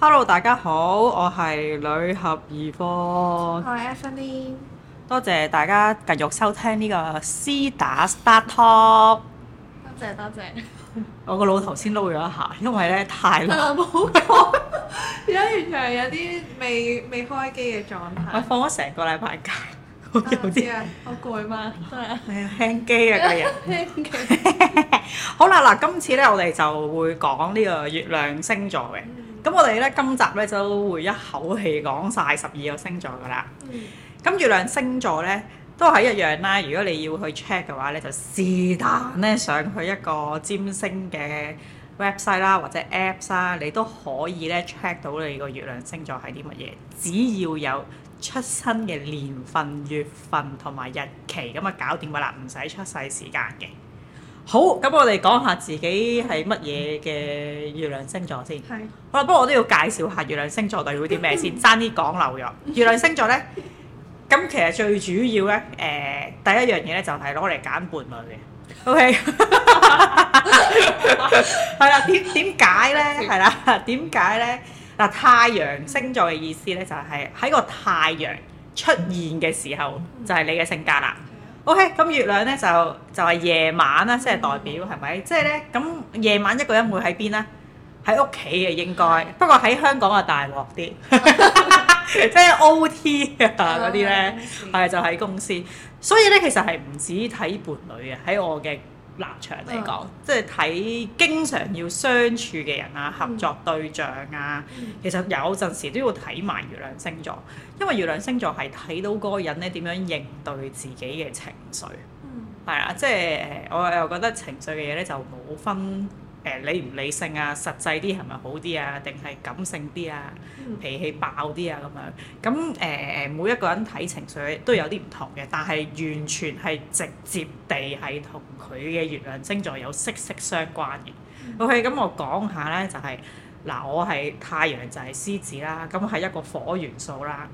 Hello，大家好，我係女俠二科，我係 Anthony，多謝大家繼續收聽呢個 C 打 Star Top，多謝多謝，我個老頭先撈咗一下，因為咧太耐冇講，而家完全係有啲未未開機嘅狀態，我放咗成個禮拜假，我知啊，我攰嘛，真係，係啊，輕機啊今日，輕機，好啦，嗱，今次咧我哋就會講呢個月亮星座嘅。咁我哋咧今集咧就會一口氣講晒十二個星座噶啦。咁、嗯、月亮星座咧都係一樣啦。如果你要去 check 嘅話咧，你就是但咧上去一個占星嘅 website 啦，或者 apps 啦，你都可以咧 check 到你個月亮星座係啲乜嘢。只要有出生嘅年份、月份同埋日期，咁啊搞掂噶啦，唔使出世時間嘅。好，咁我哋講下自己係乜嘢嘅月亮星座先。係是。好啦，不過我都要介紹下月亮星座代表啲咩先漏，爭啲講漏咗月亮星座咧，咁其實最主要咧，誒、呃，第一樣嘢咧就係攞嚟揀伴侶嘅。O、okay? K。 係啦，點點解咧？係啦，點解咧？嗱，太陽星座嘅意思咧就係、是、喺個太陽出現嘅時候，就係、是、你嘅性格啦。OK，咁月亮咧就就係、是、夜晚啦，即係代表係咪？即係咧咁夜晚一個人會喺邊咧？喺屋企嘅應該，嗯、不過喺香港啊大鑊啲，即係 OT 啊嗰啲咧，係、嗯、就喺公司。所以咧其實係唔止睇伴侶嘅，喺我嘅立場嚟講，嗯、即係睇經常要相處嘅人啊，合作對象啊，嗯、其實有陣時都要睇埋月亮星座，因為月亮星座係睇到嗰個人咧點樣應對自己嘅情緒，係啦、嗯，即係我又覺得情緒嘅嘢咧就冇分。誒理唔理性啊，實際啲係咪好啲啊？定係感性啲啊？嗯、脾氣爆啲啊？咁樣咁誒誒，每一個人睇情緒都有啲唔同嘅，但係完全係直接地係同佢嘅月亮星座有息息相關嘅。嗯、OK，咁我講下咧就係、是、嗱，我係太陽就係獅子啦，咁係一個火元素啦。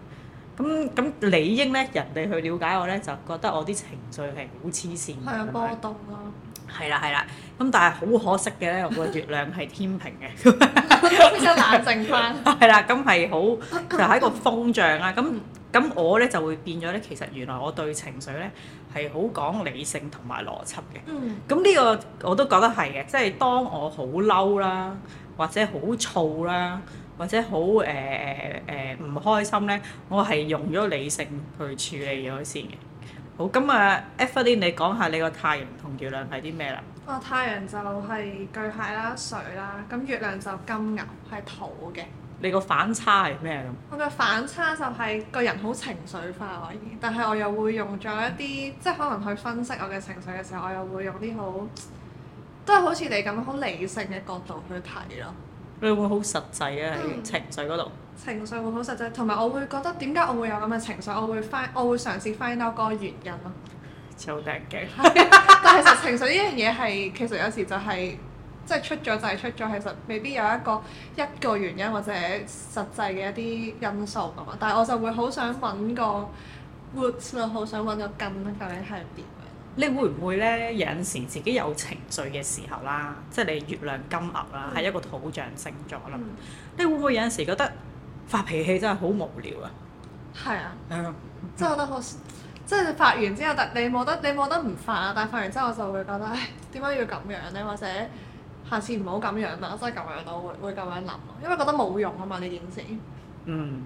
咁咁理應咧，人哋去了解我咧，就覺得我啲情緒係好黐線嘅，係啊，波動啊。係啦，係啦，咁但係好可惜嘅咧，我個月亮係天秤嘅，變得冷靜返。係啦，咁係好，就係一個風象啦。咁咁我咧就會變咗咧，其實原來我對情緒咧係好講理性同埋邏輯嘅。嗯。咁呢個我都覺得係嘅，即係當我好嬲啦，或者好躁啦，或者好誒誒唔開心咧，我係用咗理性去處理咗先嘅。好，咁啊，Evelyn，你講下你個太陽同月亮係啲咩啦？哦，太陽就係巨蟹啦、水啦，咁月亮就金牛，係土嘅。你個反差係咩咁？我個反差就係個人好情緒化可以，但係我又會用咗一啲，即係可能去分析我嘅情緒嘅時候，我又會用啲好，都係好似你咁好理性嘅角度去睇咯。你會好實際啊！嗯、情緒嗰度情緒會好實際，同埋我會覺得點解我會有咁嘅情緒，我會 find 我會嘗試 find 到個原因咯。做定驚， 但係其實情緒呢樣嘢係其實有時就係即係出咗就係出咗，其實未必有一個一個原因或者實際嘅一啲因素咁啊。但係我就會好想揾個好想揾個根究竟係點？你會唔會呢？有陣時自己有情緒嘅時候啦，即係你月亮金牛啦，係、嗯、一個土象星座啦。嗯、你會唔會有陣時覺得發脾氣真係好無聊啊？係啊， 即係覺得好，即係發完之後，但你冇得，你冇得唔發啊。但發完之後我就會覺得，唉，點解要咁樣呢？或者下次唔好咁樣啦，真係咁樣都，我會會咁樣諗，因為覺得冇用啊嘛，呢件事。嗯。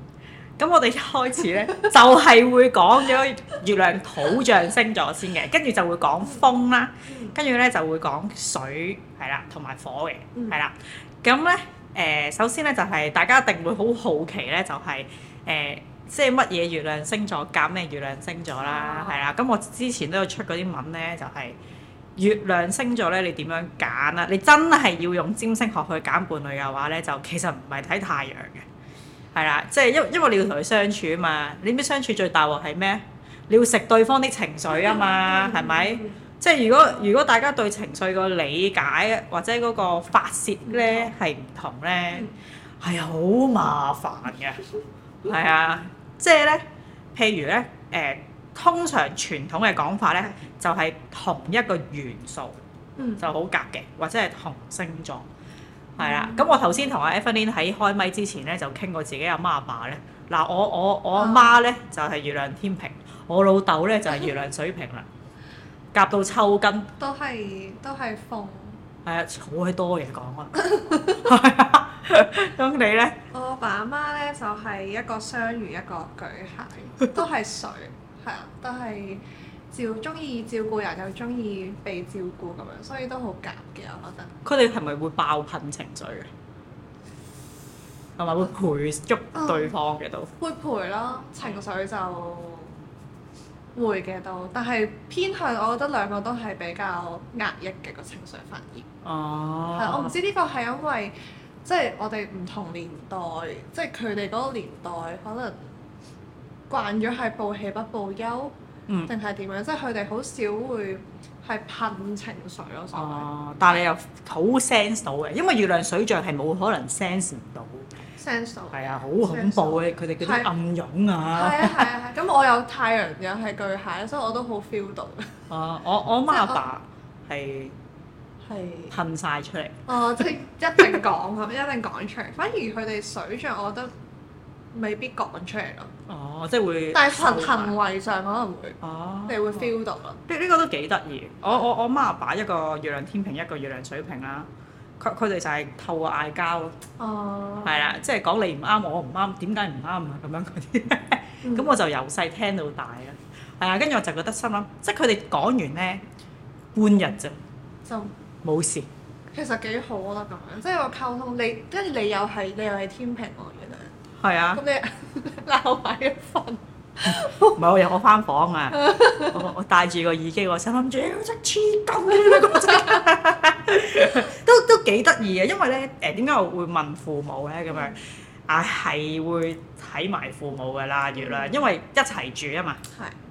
咁我哋一開始咧， 就係會講咗月亮土象星座先嘅，跟住就會講風啦，跟住咧就會講水，係啦，同埋火嘅，係啦。咁咧、嗯，誒、呃，首先咧就係、是、大家一定會好好奇咧、就是，就係誒，即係乜嘢月亮星座揀咩月亮星座啦，係啦、啊。咁我之前都有出嗰啲文咧，就係、是、月亮星座咧，你點樣揀啊？你真係要用占星學去揀伴侶嘅話咧，就其實唔係睇太陽嘅。係啦，即係因因為你要同佢相處啊嘛，你知唔知相處最大鑊係咩？你要食對方的情緒啊嘛，係咪？即係如果如果大家對情緒個理解或者嗰個發泄咧係唔同咧，係好麻煩嘅，係啊，即係咧，譬如咧，誒，通常傳統嘅講法咧就係同一個元素，嗯，就好夾嘅，或者係同星座。係啦，咁 我頭先同阿 Evelyn 喺開麥之前咧，就傾過自己阿媽阿爸咧。嗱，我我我阿媽咧、啊、就係月亮天平秤，我老豆咧就係、是、月亮水平瓶啦， 夾到抽筋。都係都係風。係啊，好 閪樂多嘢講啊！啊 呢！咁你咧？我阿爸阿媽咧就係、是、一個雙魚一個巨蟹，都係水，係啊，都係。照中意照顧人又中意被照顧咁樣，所以都好夾嘅我覺得。佢哋係咪會爆噴情緒嘅？同埋、啊、會陪足對方嘅都、啊。會陪咯，情緒就、嗯、會嘅都，但係偏向我覺得兩個都係比較壓抑嘅個情緒反應。哦、啊。係，我唔知呢個係因為即係、就是、我哋唔同年代，即係佢哋嗰個年代可能慣咗係報喜不報憂。定係點樣？即係佢哋好少會係噴情緒咯，哦，但係你又好 sense 到嘅，因為月亮水象係冇可能 sense 唔到。sense 到。係啊，好恐怖嘅，佢哋嗰啲暗湧啊。係啊係啊係，咁我有太陽又係巨蟹，所以我都好 feel 到。啊、哦！我我，我阿媽阿爸係係噴晒出嚟。啊！即係一定講，咁 一定講出嚟。反而佢哋水象，我覺得未必講出嚟咯。哦，即係會，但係行行為上可能會，哦、你會 feel 到咯。呢、哦呢個都幾得意。我我我媽阿爸一個月亮天秤，一個月亮水瓶啦。佢佢哋就係透過嗌交，哦，係啦，即係講你唔啱，我唔啱，點解唔啱啊？咁樣嗰啲。咁 我就由細聽到大啊。係啊、嗯，跟住我就覺得心諗，即係佢哋講完咧，半日啫、嗯，就冇事。其實幾好我覺得咁樣，即係個溝通。你跟住你又係你又係天秤係啊！咁你鬧埋一份，唔係我有我翻房啊！ 我戴住個耳機，我心諗：借一千金啦！都都幾得意啊！因為咧誒點解我會問父母咧？咁樣、嗯、啊係會睇埋父母㗎啦，原來、嗯、因為一齊住啊嘛，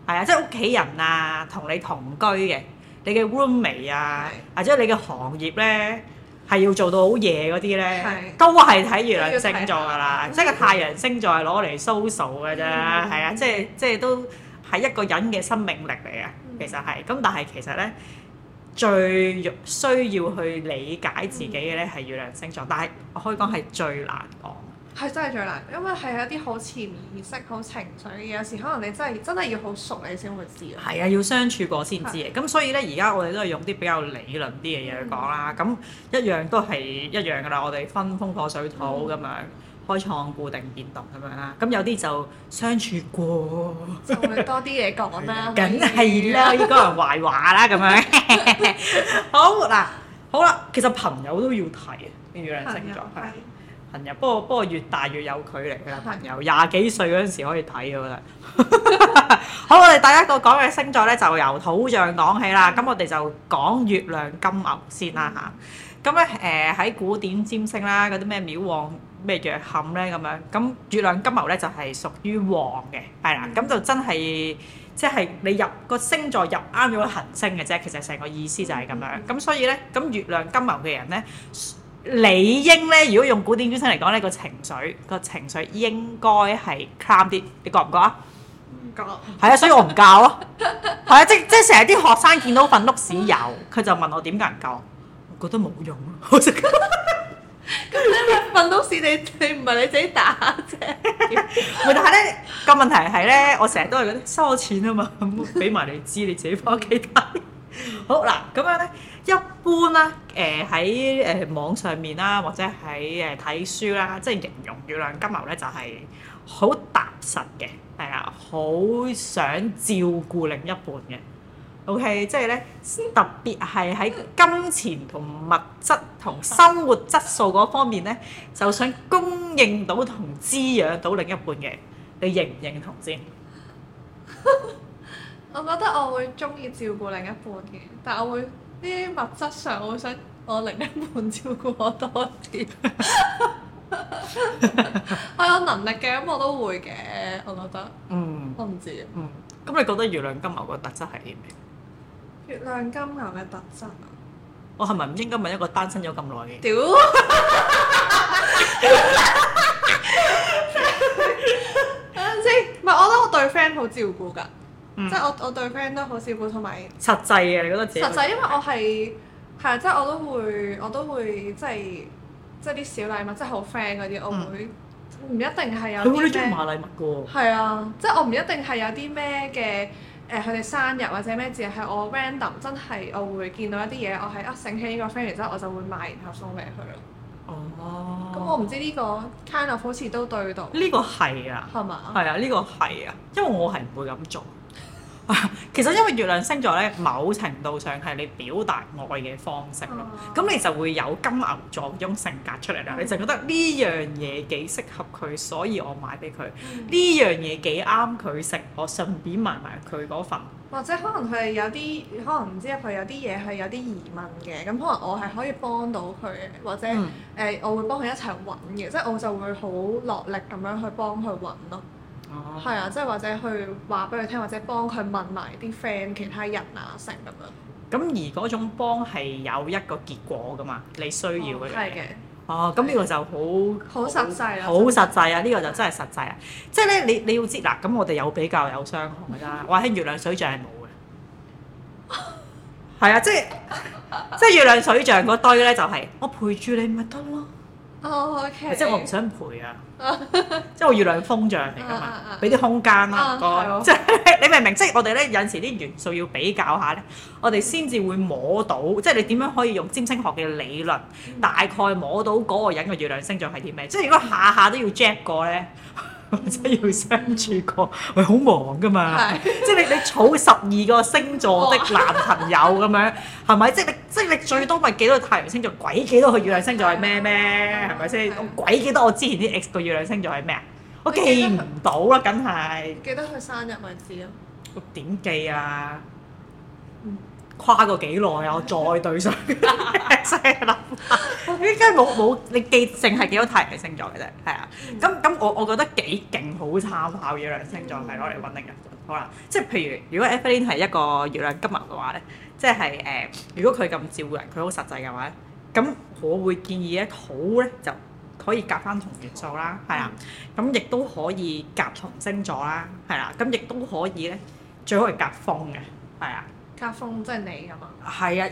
係係是啊，即係屋企人啊，同你同居嘅，你嘅 roommate 啊，或者是、啊、你嘅行業咧。係要做到好夜嗰啲咧，是都係睇月亮星座㗎喇。看看即係個太陽星座係攞嚟 social 嘅啫，係啊，嗯、即係即係都係一個人嘅生命力嚟嘅，嗯、其實係。咁但係其實咧，最需要去理解自己嘅咧係月亮星座，嗯、但係我可以講係最難講。係真係最難，因為係有啲好潛意識、好情緒嘅，有時可能你真係真係要好熟你先會知。係啊、嗯，要相處過先知嘅。咁的所以呢，而家我哋都係用啲比較理論啲嘅嘢去講啦。咁、嗯、一樣都係一樣㗎啦。我哋分風火水土咁樣，嗯、開創固定變動咁樣啦。咁有啲就相處過，會 多啲嘢講啦。梗係 啦，依 個人壞話啦咁樣。 好嗱，好啦，其實朋友都要睇嘅，月亮星座係。朋友 看 朋友，不過不過越大越有距離㗎喇，朋友，廿幾歲嗰陣時可以睇我覺得 好，我哋第一個講嘅星座咧，就由土象講起啦。咁、嗯、我哋就講月亮金牛先啦吓，咁咧誒喺古典占星啦，嗰啲咩廟旺咩弱陷咧咁樣。咁月亮金牛咧就係、是、屬於旺嘅，係啦。咁就真係即係你入個星座入啱咗個行星嘅啫。其實成個意思就係咁樣。咁所以咧，咁月亮金牛嘅人咧。理應咧，如果用古典語聲嚟講呢個情緒，個情緒應該係 calm 啲，你覺唔覺啊？唔覺。係啊，所以我唔教咯。係啊， 即即成日啲學生見到份碌屎油，佢就問我點解唔教我？我覺得冇用咯，好食。咁你份碌屎你，你你唔係你自己打啫。 但係咧，個問題係咧，我成日都係覺得收我錢啊嘛，咁俾埋你知，你自己翻屋企睇。好嗱，咁樣咧。一般咧，誒喺誒網上面啦，或者喺誒睇書啦，即係形容月亮金牛咧，就係好踏實嘅，係啊，好想照顧另一半嘅。OK，即係咧特別係喺金錢同物質同生活質素嗰方面咧，就想供應到同滋養到另一半嘅。你認唔認同先？我覺得我會中意照顧另一半嘅，但係我會。啲物質上，我會想我另一半照顧我多啲。 我有能力嘅，咁我都會嘅，我覺得。嗯。我唔知嗯。嗯。咁你覺得月亮金牛嘅特質係啲咩？月亮金牛嘅特質啊？我係咪唔應該問一個單身咗咁耐嘅？屌！ 等陣先。唔係，我覺得我對 friend 好照顧㗎。嗯、即係我我對 friend 都好少，同埋實際嘅你覺得自己實際，因為我係係啊，即係我都會我都會即係即係啲小禮物，即係好 friend 嗰啲，我唔會唔一定係有啲咩買禮物嘅喎，係啊，即係我唔一定係有啲咩嘅誒，佢、呃、哋生日或者咩節，係我 random 真係我會見到一啲嘢，我係啊醒起呢個 friend，然之後我就會買然後送俾佢咯。哦、嗯，咁、嗯、我唔知呢、呢個 Kind of 好似都對到呢個係啊，吧啊，係嘛？係啊，呢個係啊，因為我係唔會咁做。 其實因為月亮星座咧，某程度上係你表達愛嘅方式咯。咁、啊、你就會有金牛座嗰種性格出嚟啦。嗯、你就覺得呢樣嘢幾適合佢，所以我買俾佢。呢樣嘢幾啱佢食，我順便買埋佢嗰份。或者可能佢有啲，可能唔知佢有啲嘢係有啲疑問嘅。咁可能我係可以幫到佢，或者誒、嗯呃，我會幫佢一齊揾嘅。即係、嗯、我就會好落力咁樣去幫佢揾咯。係啊，即係或者去話俾佢聽，或者幫佢問埋啲 friend 其他人啊，成咁樣。咁而嗰種幫係有一個結果噶嘛，你需要嘅。係嘅。哦，咁呢個就好好實際啦，好實際啊！呢個就真係實際啊！即係咧，你你要知嗱，咁我哋有比較有傷害啦。話喺月亮水象係冇嘅，係啊，即係即係月亮水象嗰堆咧，就係我陪住你咪得咯。OK。即係我唔想陪啊。 即係我月亮風象嚟㗎嘛，俾啲空間啦， 即係你明唔明？即係我哋咧有時啲元素要比較下咧，我哋先至會摸到，即係你點樣可以用占星學嘅理論大概摸到嗰個人嘅月亮星象係啲咩？即係如果下下都要 check 過咧。真係 要相處過，喂、嗯， 好忙噶嘛， 即係你 你儲十二個星座的男朋友咁樣，係咪？即係你即係你最多咪記得太陽星座，鬼記得佢月亮星座係咩咩？係咪先？ 我鬼記得我之前啲 x 個月亮星座係咩啊？記我記唔到啦，梗係。 記得佢生日為止咯。我點記啊？跨過幾耐啊！我再對上，成日諗，依家冇冇你記淨係幾多太陽星座嘅啫，係啊。咁咁 我我覺得幾勁，好參考月亮星座係攞嚟穩定嘅，好啦。即係譬如，如果 Evelyn 係一個月亮金牛嘅話咧，即係誒、呃，如果佢咁照顧人，佢好實際嘅話咧，咁我會建議咧，好咧就可以夾翻同元素啦，係啊。咁亦都可以夾同星座啦，係啦。咁亦都可以咧，最好係夾風嘅，係啊。家風即係你噶嘛？係啊，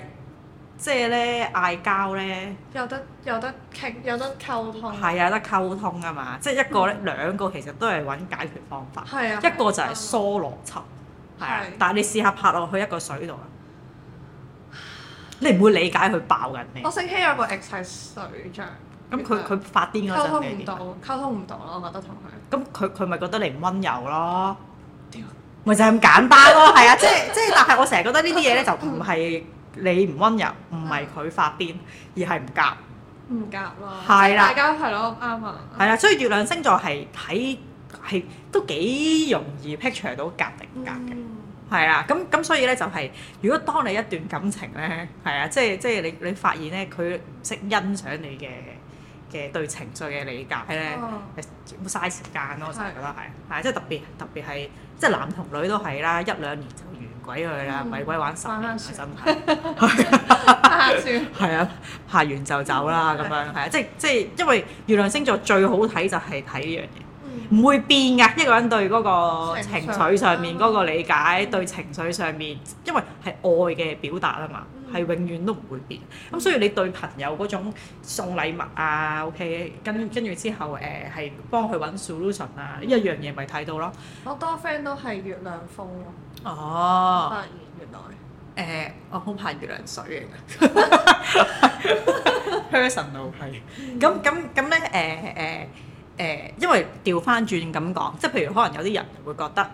即係咧，嗌交咧，有得有得傾，有得溝通。係啊，有得溝通啊嘛！即係一個咧，嗯、兩個其實都係揾解決方法。係啊，嗯。一個就係疏邏輯，係啊。的但係你試下拍落去一個水度啊，你唔會理解佢爆緊你。我星期有個 ex 係水象。咁佢佢發癲嗰陣，溝通唔到，溝通唔到咯，我覺得同佢，咁佢佢咪覺得你唔温柔咯？咪就係咁簡單咯，係啊，即係即係，但係我成日覺得呢啲嘢咧就唔係你唔温柔，唔係佢發癲，而係唔夾，唔夾咯，係啦，大家係咯，啱啊，係啊，所以月亮星座係睇係都幾容易 picture 到夾定唔夾嘅，係啊，咁咁所以咧就係，如果當你一段感情咧係啊，即係即係你你發現咧佢唔識欣賞你嘅嘅對情緒嘅理解咧，會嘥時間咯，我成日覺得係，係即係特別特別係。即係男同女都係啦，一兩年就完鬼佢啦，咪、嗯、鬼，鬼玩十。玩翻樹真係。嚇！算。係啊，拍完就走啦，咁、嗯、樣，係啊，即係即係因為月亮星座最好睇就係睇呢樣嘢。唔會變㗎，一個人對嗰個情緒上面嗰個理解，情啊、對情緒上面，因為係愛嘅表達啊嘛，係、嗯、永遠都唔會變。咁、嗯、所以你對朋友嗰種送禮物啊，OK，跟跟住之後誒係、呃、幫佢揾 solution 啊，一樣嘢咪睇到咯。好多 friend 都係月亮風咯。哦，原來誒我好、嗯、怕月亮水嘅 personal 係對。咁咁咁咧誒誒。嗯誒，因為調翻轉咁講，即係譬如可能有啲人會覺得，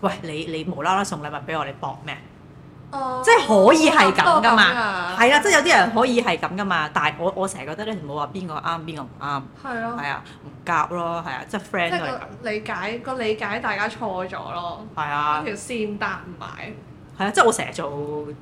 喂，你你，你無啦啦送禮物俾我哋，搏咩？哦，即係可以係咁噶嘛，係啊，即係有啲人可以係咁噶嘛。但係我我成日覺得咧，唔好話邊個啱邊個唔啱，係咯，係啊的，唔夾咯，係啊，即係 friend 都係咁。理解個理解，個理解大家錯咗咯，係啊的，條線搭唔埋，係啊、嗯，即係我成日做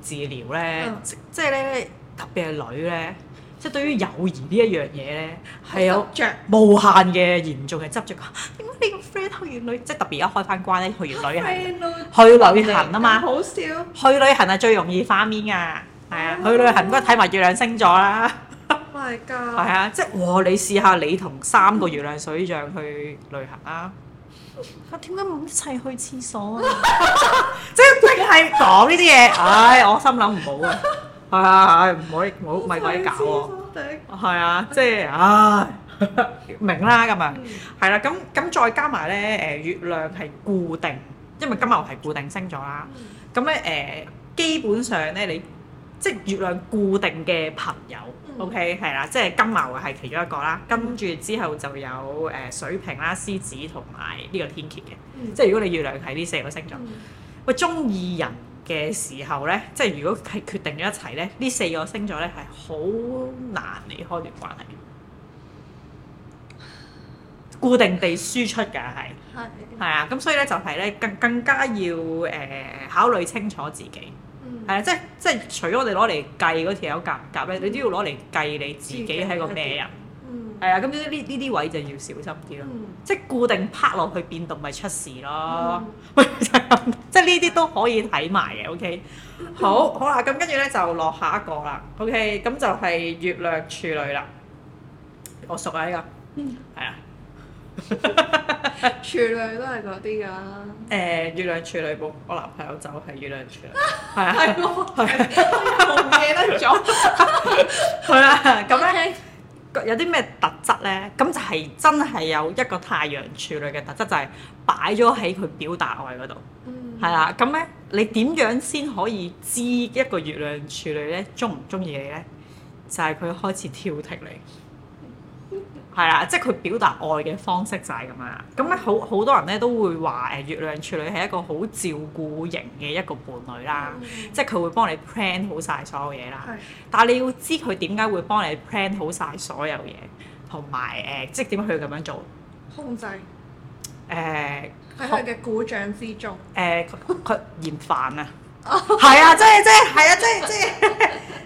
治療咧，嗯嗯、即即係咧特別係女咧。女即係對於友誼呢一樣嘢咧，係有無限嘅嚴重嘅執著。點解你個 friend 去完旅，即係特別而家開翻關咧？去完旅行，去旅行啊嘛！好少去旅行係最容易翻面啊！係啊，去旅行嗰日睇埋月亮星座啦！My God！係啊，即係哇！你試下你同三個月亮水象去旅行啊！啊，點解冇一齊去廁所啊？即係淨係講呢啲嘢，唉，我心諗唔好啊！係啊，唔可以，唔好咪鬼搞喎。係啊，即係啊，明啦咁啊，係啦。咁咁再加埋咧，誒月亮係固定，因為金牛係固定星座啦。咁咧誒，基本上咧你即係月亮固定嘅朋友，OK，係啦，即係金牛係其中一個啦。跟住之後就有誒水瓶啦、獅子同埋呢個天蠍嘅，即係如果你月亮係呢四個星座，喂中意人嘅時候咧，即係如果係決定咗一齊咧，呢四個星座咧係好難離開段關係，固定地輸出㗎係，係啊，咁的所以咧就係咧更更加要誒、呃、考慮清楚自己，係啊、嗯，即係即係除咗我哋攞嚟計嗰條友夾唔夾咧，嗯、你都要攞嚟計你自己係個咩人。係啊，咁呢呢呢啲位就要小心啲咯，bit, mm. 即係固定趴落去變動咪出事咯，喂、okay? 嗯嗯，就係咁，即係呢啲都可以睇埋嘅。OK，好好啊，咁跟住咧就落下一個啦。OK，咁就係月亮處女啦。我熟啊呢個 h，係啊，處女都係嗰啲㗎。誒，月亮處女部，我男朋友就係月亮處女，係啊，係，我唔記得咗，係啊，咁咧。有啲咩特質咧？咁就係真係有一個太陽處女嘅特質，就係擺咗喺佢表達愛嗰度。係啦、嗯，咁咧你點樣先可以知一個月亮處女咧鍾唔鍾意你咧？就係、是、佢開始挑剔你。係啦，即係佢表達愛嘅方式就係咁樣。咁咧、嗯，好好多人咧都會話誒月亮處女係一個好照顧型嘅一個伴侶啦。嗯、即係佢會幫你 plan 好晒所有嘢啦。的但係你要知佢點解會幫你 plan 好晒所有嘢，同埋誒，即係點樣去咁樣做？控制。誒、呃。喺佢嘅鼓掌之中。誒、呃，佢嫌煩啊！係、oh、 啊，即係即係，係啊，即係即係，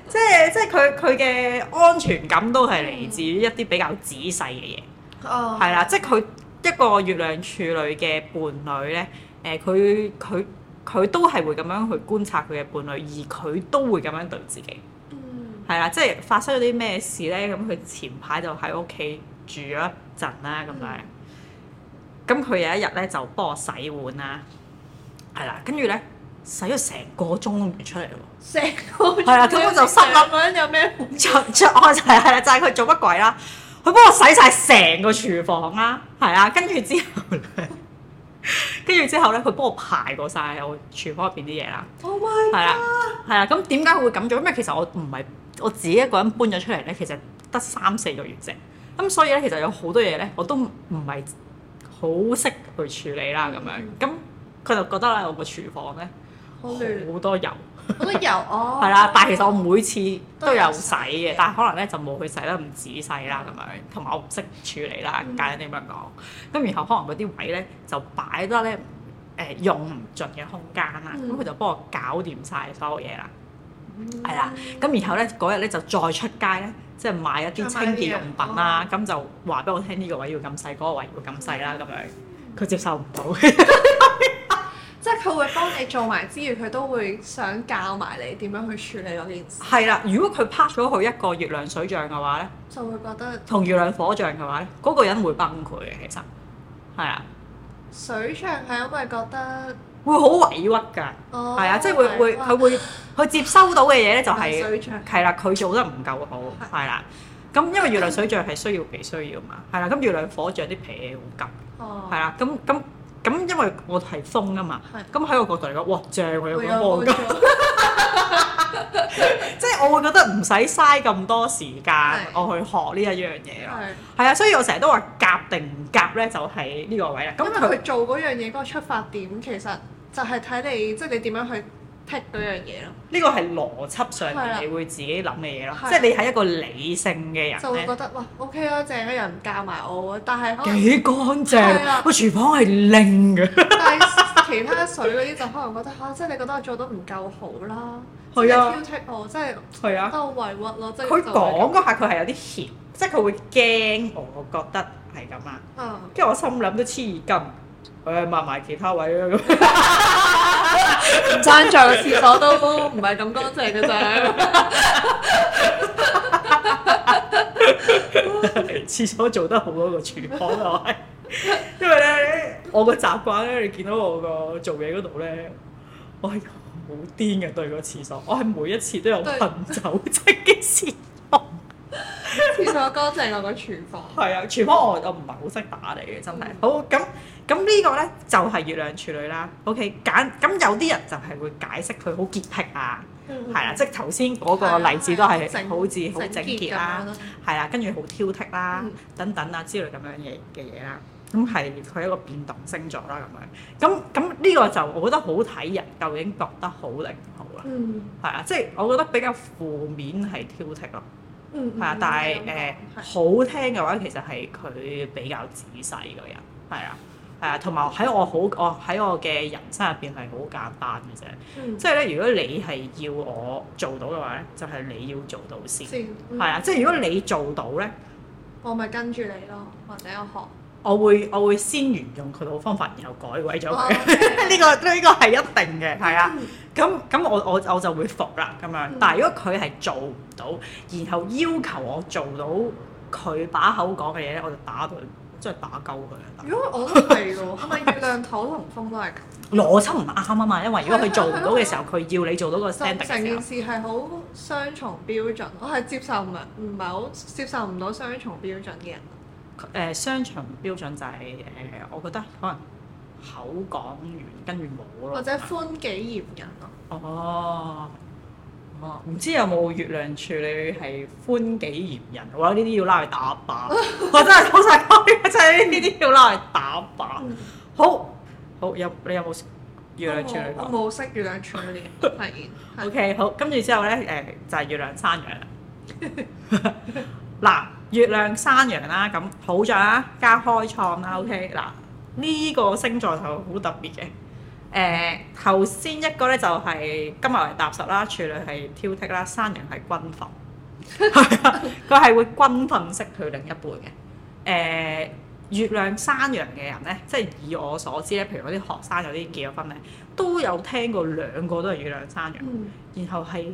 即係即係，佢佢嘅安全感都係嚟自於一啲比較仔細嘅嘢，係啦， 哇即係佢一個月亮處女嘅伴侶咧，誒、呃，佢佢佢都係會咁樣去觀察佢嘅伴侶，而佢都會咁樣對自己，係啦、嗯啊，即係發生咗啲咩事咧？咁佢前排就喺屋企住咗一陣啦，咁樣、嗯，咁佢有一日咧就幫我洗碗啦，係啦，跟住咧。洗咗成個鐘都唔出嚟咯，成個係啦，根本就濕咁嗰陣有咩？着着 就曬係啦，就係佢做乜鬼啦？佢幫我洗晒成個廚房啦，係啊，跟住之後，跟 住之後咧，佢幫我排過曬我廚房入邊啲嘢啦，係啦、oh my，係啦。咁點解佢會咁做？因為其實我唔係我自己一個人搬咗出嚟咧，其實得三四個月啫。咁所以咧，其實有好多嘢咧，我都唔係好識去處理啦。咁樣咁佢就覺得咧，我個廚房咧。好多油，好多油哦，係啦，但係其實我每次都有洗嘅，但係可能咧就冇佢洗得咁仔細啦，咁樣，同埋我唔識處理啦，簡單啲咁講。咁然後可能嗰啲位咧就擺得咧誒用唔盡嘅空間啦，咁佢就幫我搞掂晒所有嘢啦，係啦。咁然後咧嗰日咧就再出街咧，即係買一啲清潔用品啦，咁就話俾我聽呢個位要咁細，嗰個位要咁細啦，咁樣佢接受唔到。即係佢會幫你做埋之餘，佢都會想教埋你點樣去處理嗰件事。係啦，如果佢 pass 咗佢一個月亮水象嘅話咧，就會覺得同月亮火象嘅話咧，嗰個人會崩潰嘅。其實係啊，水象係因為覺得會好委屈㗎，係啊，即係會會佢會佢接收到嘅嘢咧就係係啦，佢做得唔夠好，係啦。咁因為月亮水象係需要被需要嘛，係啦。咁月亮火象啲脾氣好急，係啦。咁咁。咁因為我係風啊嘛，咁喺是的、嗯、我角度嚟講，哇正啊，有咁多，即係我會覺得唔使嘥咁多時間我去學呢一樣嘢咯，係啊，所以我成日都話夾定唔夾咧，就喺呢個位啦。咁因為佢做嗰樣嘢，嗰個出發點其實就係睇你，即、就、係、是、你點樣去。剔嗰樣嘢咯，呢個係邏輯上面你會自己諗嘅嘢咯，即係你係一個理性嘅人就會覺得哇 OK 啦，正嘅人教埋我，但係幾乾淨，個廚房係靚嘅。但係其他水嗰啲就可能覺得吓，即係你覺得我做得唔夠好啦，係啊，挑剔我即係，係啊，都好委屈咯。即係佢講嗰下，佢係有啲嫌，即係佢會驚我，覺得係咁啦。嗯，跟住我心諗都黐筋。佢係、嗯、抹埋其他位啦，咁唔爭在個廁所都唔係咁乾淨嘅啫。廁所做得好過個廚房啊！ 因為咧，我個習慣咧，你見到我個做嘢嗰度咧，我係好癲嘅對個廁所，我係每一次都有噴酒精嘅。對 其實我乾淨我個廚房係 啊，廚房我我唔係好識打理嘅，真係。嗯、好咁咁呢個咧就係、是、月亮處女啦。OK，揀咁有啲人就係會解釋佢好潔癖啊，係啦、嗯啊，即係頭先嗰個例子都係好似好整潔啦、啊，係啦、啊啊，跟住好挑剔啦、啊、等等啊之類咁樣嘅嘅嘢啦。咁係佢一個變動星座啦咁樣。咁咁呢個就我覺得好睇人究竟覺得好定唔好啊？嗯，係啊，即係我覺得比較負面係挑剔咯、啊。嗯，啊、嗯，但係誒好聽嘅話，其實係佢比較仔細嘅人，係啊，係啊，同埋喺我好，我喺我嘅人生入邊係好簡單嘅啫。即係咧，如果你係要我做到嘅話咧，就係、係、你要做到先，係、嗯、啊，即、就、係、係、如果你做到咧、嗯，我咪跟住你咯，或者我學。我會我會先沿用佢嘅方法，然後改位咗佢。呢、這個呢個係一定嘅。係啊，咁、嗯、咁我我我就會服啦咁樣。但係如果佢係做唔到，然後要求我做到佢把口講嘅嘢我就打到佢，即係打鳩佢、就是、如果我 是是都係喎，係咪月亮土同風都係咁？邏輯唔啱啊嘛， 對對因為如果佢做唔到嘅時候，佢 對 要你做到個 s 成件事係好雙重標準，我係接受唔唔係好接受唔到雙重標準嘅人。誒商場標準就係誒，我覺得可能口講完跟住冇咯，或者寬己嚴人咯。哦，啊，唔知有冇月亮處女係寬己嚴人？我覺得呢啲要拉去打靶，我真係攞曬開，真係呢啲要拉去打靶。好好，有你有冇月亮處女啊？我冇識月亮處女。係。OK，好，跟住之後咧，誒就係月亮山羊啦。嗱。月亮山羊啦，咁好障啦，啊，加開創啦，啊，OK 嗱，呢、呢個星座就好特別嘅。誒、呃，頭先一個咧就係金牛係踏實啦，處女係挑剔啦，山羊係軍訓，佢係 會軍訓式佢另一半嘅。誒、呃，月亮山羊嘅人咧，即係以我所知咧，譬如嗰啲學生有啲結咗婚咧，都有聽過兩個都係月亮山羊，嗯、然後係、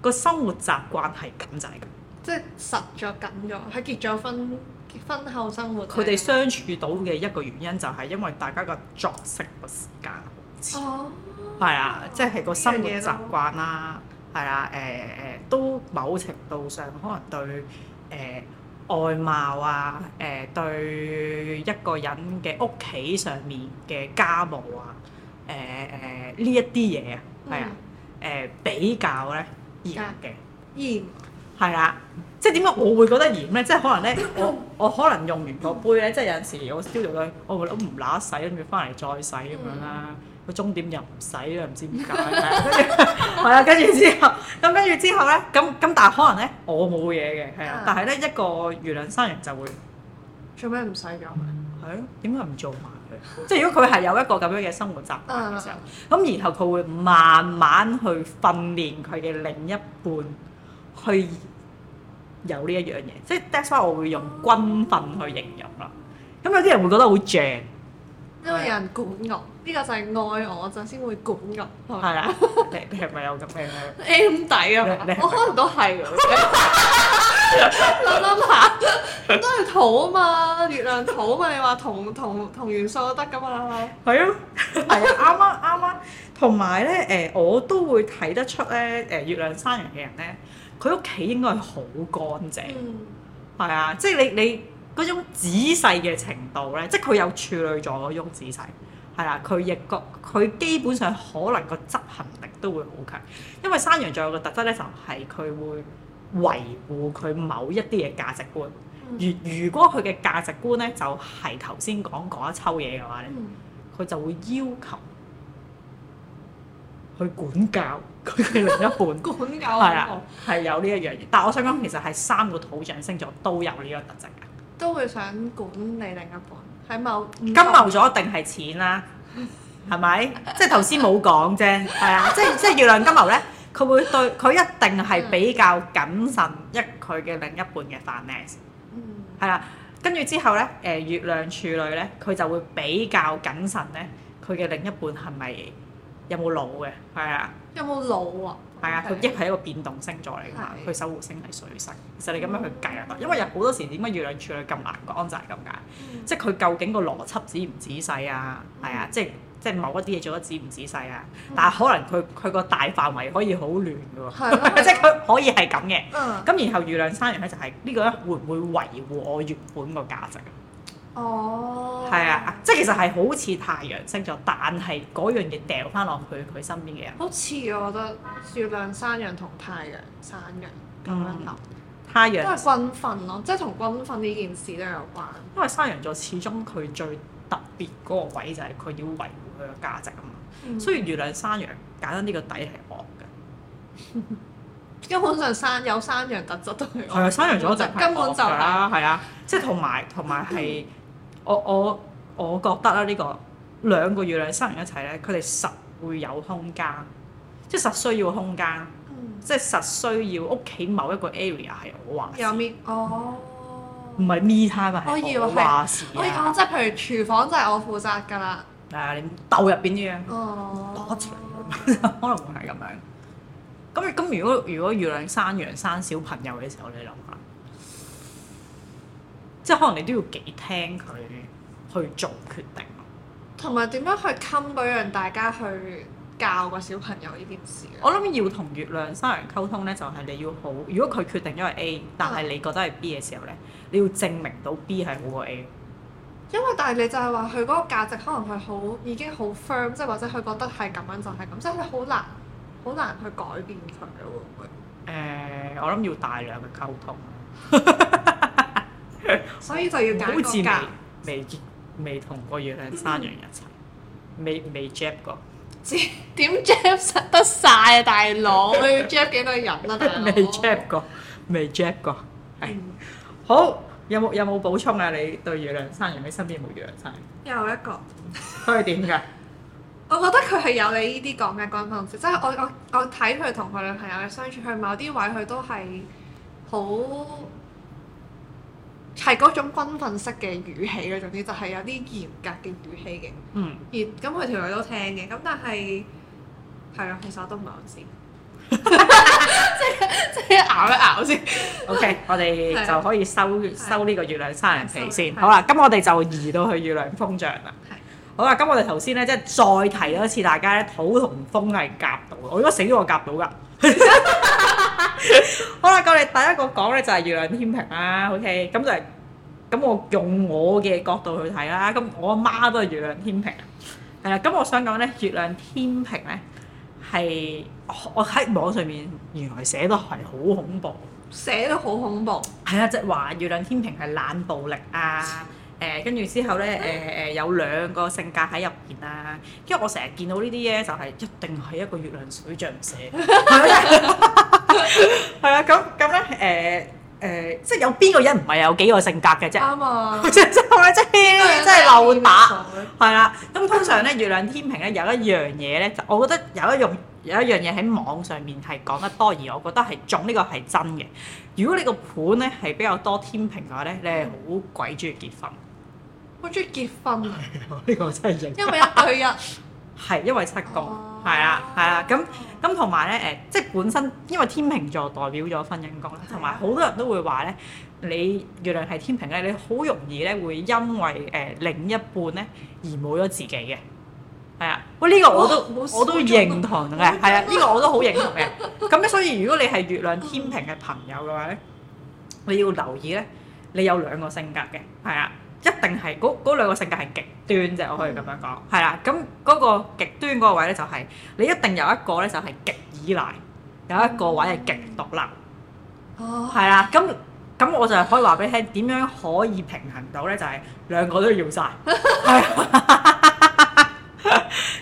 個生活習慣係咁就係咁。即係實咗緊咗，喺結咗婚結婚後生活，佢哋相處到嘅一個原因就係因為大家個作息個時間哦，似的，係啊、哦，即係個生活習慣啦，係啊，誒誒、呃、都某程度上可能對誒、呃、外貌啊，誒、嗯呃、對一個人嘅屋企上面嘅家務啊，誒誒呢一啲嘢啊，係、呃、啊，誒、嗯呃、比較咧嚴格嘅嚴。係啊，即係點解我會覺得嫌咧？即係可能咧，我我可能用完個杯咧，即係有陣時我消咗佢，我覺得唔嗱洗，跟住翻嚟再洗咁、嗯、樣啦。個鐘點又唔使，又唔知點解。係啊， 跟住之後，咁跟住之後咧，咁咁但係可能咧，我冇嘢嘅，係啊。但係咧，一個月亮生人就會做咩唔洗㗎？係咯，點解唔做埋佢？ 即係如果佢係有一個咁樣嘅生活習慣嘅時候，咁、啊、然後佢會慢慢去訓練佢嘅另一半。去有呢一樣嘢，即係 that's why 我會用軍訓去形容啦。咁有啲人會覺得好正，因為有人管我，呢個就係愛我就先會管我。係啊， 你係咪又咁咩？M 底啊嘛，我可能都係諗諗下，都係土啊嘛，月亮土啊嘛，你話同同同元素都得噶嘛。係啊 ，係啊，啱啊啱啊。同埋咧，誒、呃、我都會睇得出咧，誒、呃、月亮山羊嘅人咧。佢屋企應該係好乾淨，係、嗯、啊，即係你你嗰種仔細嘅程度咧，即係佢有處女座嗰種仔細，係啦、啊，佢亦個佢基本上可能個執行力都會好強，因為山羊座嘅特質咧就係、是、佢會維護佢某一啲嘅價值觀，而如果佢嘅價值觀咧就係頭先講嗰一抽嘢嘅話咧，佢、嗯、就會要求。去管教佢嘅另一半， 管教很，係啊，係有呢一樣嘢。但係我想講，其實係三個土象星座都有呢個特質嘅，都會想管你另一半，喺某金牛座一定係錢啦、啊，係咪？即係頭先冇講啫，係啊，即係即係月亮金牛咧，佢會對佢一定係比較謹慎一佢嘅另一半嘅 finance，嗯，係啦、 啊。跟住之後咧，誒月亮處女咧，佢就會比較謹慎咧，佢嘅另一半係咪？有冇腦嘅，係啊！有冇腦啊？係啊，佢亦係一個變動星座嚟㗎嘛，佢守護星係水星，其實你咁樣去計得，嗯、因為有好多時點解月亮處女咁難講就係咁解，嗯、即係佢究竟個邏輯仔唔仔細啊，係啊、嗯，即係即係某一啲嘢做得仔唔仔細啊，嗯、但係可能佢佢個大範圍可以好亂㗎喎，嗯、 即係佢可以係咁嘅，咁、嗯、然後月亮生人咧就係呢、這個會唔會維護我原本個價值？哦，係啊、oh.，即係其實係好似太陽星座，但係嗰樣嘢掉翻落去佢身邊嘅人。好似啊，我覺得月亮山羊同太陽山羊咁樣搭，嗯。太陽都係軍訓咯，即係同軍訓呢件事都有關。因為山羊座始終佢最特別嗰個位就係佢要維護佢嘅價值啊嘛。所以月亮山羊簡單呢個底係惡嘅， 根本上山有山羊特質都係惡。係啊，山羊座就根本就係，是，啦，係啊，即係同埋同埋係。 我我我覺得啦、這個，呢個兩個月亮生人一齊咧，佢哋實會有空間，即係實需要空間，mm. 即係實需要屋企某一個 area 係我話事。有咩？哦，唔係 me time 啊，係我話事。可以講即係譬如廚房就係我負責㗎啦。係、啊、你竇入邊啲嘢。哦， 可能係咁樣。咁咁，如果如果月亮山羊生小朋友嘅時候，你諗下，即係可能你都要幾聽佢。去做決定，同埋點樣去襟俾大家去教個小朋友呢件事？我諗要同月亮三個人溝通呢，就係、是、你要好。如果佢決定咗係 A，但係你覺得係 B 嘅時候呢，啊、你要證明到 B 係好過 A。因為但係你就係話佢嗰個價值可能係好已經好 firm，即係或者佢覺得係咁樣就係咁，即係佢好難好難去改變佢嘅喎。誒、呃，我諗要大量嘅溝通， 所以就要揀個價，未未同過月亮山羊一齊，未未、嗯、j u p 過。點點 j u p 得晒啊大佬！ 你要 j u p 幾個人啊？未 j u p 過，未 j u p 過。係、嗯、好，有冇有冇補充啊？你對月亮山羊，你身邊冇月亮山羊？又一個，佢點㗎？ 我覺得佢係有你呢啲講嘅觀光，即係、就是、我我我睇佢同佢女朋友嘅相處，佢某啲位佢都係好。係嗰種軍訓式嘅語氣嗰種啲，就係有啲嚴格嘅語氣嘅。嗯而。而咁佢條女都聽嘅，咁但係係咯，其實我都唔係好先，即係即係咬一咬先。O、okay, K， 的我哋就可以收的收呢個月亮三人皮先。好啦，咁我哋就移到去月亮風象啦。係的。好啦，咁我哋頭先咧，即係再提多一次，大家咧土同風係夾到，我應該死咗我夾到㗎。 好啦，咁你第一個講咧就係月亮天秤啦，OK，咁就係咁我用我嘅角度去睇啦，咁我阿媽都係月亮天秤啊，誒，咁我想講咧月亮天秤咧係我喺網上面原來寫得係好恐怖，寫得好恐怖，係啦，即係話月亮天秤係冷暴力啊，誒，跟住之後咧，誒誒有兩個性格喺入邊啊，因為我成日見到呢啲嘢就係一定係一個月亮水象寫。係啦，咁咁咧，誒誒、呃，即係有邊個人唔係有幾個性格嘅啫，啱啊，即係溜打，係啦。咁通常咧，月亮天秤咧有一樣嘢咧，就我覺得有一樣有一樣嘢喺網上面係講得多，而我覺得係種呢個係真嘅。如果你個盤咧係比較多天秤嘅話咧，你係好鬼中意結婚，好中意結婚啊！呢個真係最因為佢。啊。係因為失公，係啊係啊，咁咁同埋咧誒，即係本身，因為天秤座代表咗婚姻宮，同埋好多人都會話咧，你月亮係天秤咧，你好容易咧會因為誒、呃、另一半咧而冇咗自己嘅，係啊，喂呢、這個我都,、哦、我,都我都認同嘅，係啊、哦，呢、 這個我都好認同嘅，咁咧所以如果你係月亮天秤嘅朋友嘅話咧，你要留意咧，你有兩個性格嘅，係啊。一定係嗰嗰兩個性格係極端啫，我可以咁樣講，係啦。咁嗰個極端嗰個位咧就係你一定有一個咧就係極依賴，有一個位係極獨立。哦，係啦。咁咁我就係可以話俾你聽，點樣可以平衡到咧？就係兩個都要曬。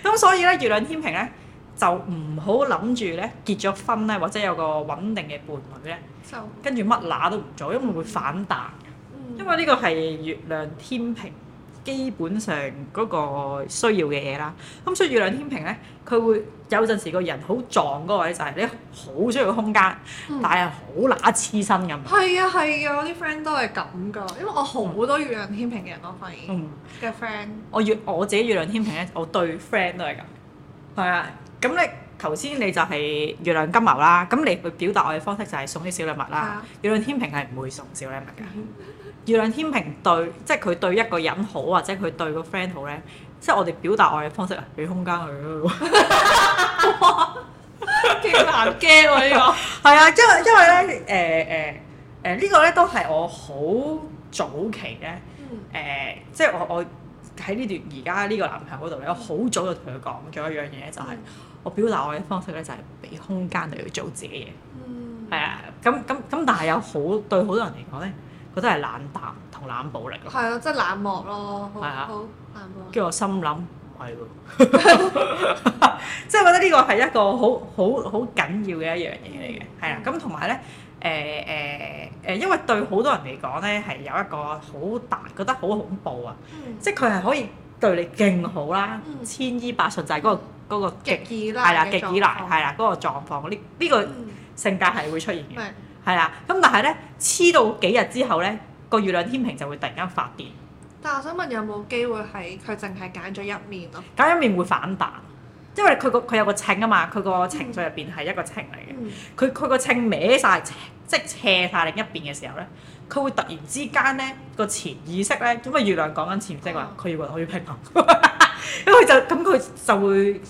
咁所以咧，月亮天秤咧就唔好諗住咧結咗婚咧，或者有個穩定嘅伴侶咧，就跟住乜乸都唔做，因為會反彈。因為呢個係月亮天秤基本上嗰個需要嘅嘢啦，咁所以月亮天秤咧，佢會有陣時個人好撞嗰個位就係你好需要空間，但係好乸黐身咁。係、嗯、啊係啊，我啲 friend 都係咁噶，因為我好好多月亮天秤嘅人咯，我發現嘅 friend、嗯。我月我自己月亮天秤咧，我對 friend 都係咁。係 啊，咁你？頭先你就係月亮金牛啦，咁你去表達愛嘅方式就係送啲小禮物啦。的月亮天秤係唔會送小禮物㗎。 月亮天秤對，即係佢對一個人好，或者佢對個 friend 好咧，即係我哋表達愛嘅方式係俾空間佢咯。驚啊！ 幾難驚喎呢個 係 啊，因為因為咧，誒誒誒，呃呃這個、呢個咧都係我好早期咧，誒、呃，即係我我。我我喺呢段而家呢個男朋友嗰度咧，我好早就同佢講咗一樣嘢，就係、是、我表達我嘅方式咧，就係俾空間佢去做自己嘢。嗯，係啊，咁咁咁，但係有好對好多人嚟講咧，覺得係冷淡同冷暴力咯。係啊、嗯，即係冷漠咯。係啊，的好冷漠。跟住我心諗。係、哎、咯。即係 覺得呢個係一個好好好緊要嘅一樣嘢嚟嘅。係啊，咁同埋咧。誒誒誒，因為對好多人嚟講咧，係有一個好大覺得好恐怖啊！嗯、即係佢係可以對你勁好啦，嗯、千依百順就係嗰、那個嗰個極倚賴，係啦，極倚賴係啦，嗰況、那個狀況呢呢、嗯、個性格係會出現嘅，係啦的。咁但係咧，黐到幾日之後咧，個月亮天秤就會突然間發電。但係我想問有冇機會係佢淨係揀咗一面咯？揀一面會反彈。因為佢個佢有個秤啊嘛，佢個情、嗯、情緒入邊係一個秤嚟嘅。佢佢個秤歪晒，即係斜晒另一邊嘅時候咧，佢會突然之間咧個潛意識咧，因為月亮講緊潛意識話佢要我要劈棚，因 為就咁佢就會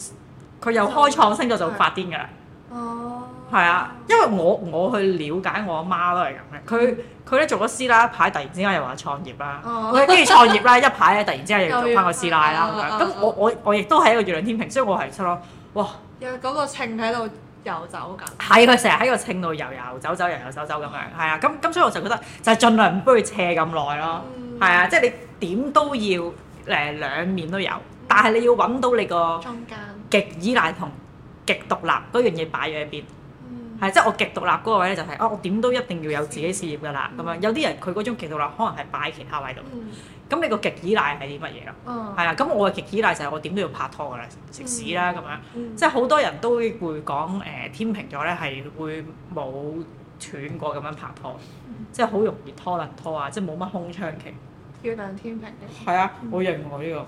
佢又開創性咗就發癲㗎啦。哦、啊，係啊，因為我我去了解我阿媽都係咁嘅，佢，嗯佢咧做咗師奶一排，突然之間又話創業啦，佢跟住創業啦 一排咧，突然之間又做翻個師奶啦，咁我我我亦都係一個月亮天秤，所以我係覺得，哇，有個秤喺度遊走緊。係，佢成日喺個秤度游游，走走，游游，走走咁樣。係啊，咁咁所以我就覺得就係盡量唔幫佢斜咁耐咯。係、嗯、啊，嗯、即係你點都要誒兩、呃、面都有，但係你要揾到你個中間極依賴同極獨立嗰樣嘢擺喺邊。係，即係我極獨立嗰個位咧、就是，就係哦，我點都一定要有自己事業噶啦。咁啊、嗯，有啲人佢嗰種極獨立可能係擺其他位度。咁、嗯、你個極依賴係啲乜嘢咯？係啊、嗯，咁我嘅極依賴就係我點都要拍拖噶啦，食屎啦咁樣。嗯嗯、即係好多人都會講誒、呃、天秤座咧係會冇斷過咁樣拍拖，嗯、即係好容易拖甩拖啊，即係冇乜空窗期。要等天秤嘅。係啊，好認、嗯、 我呢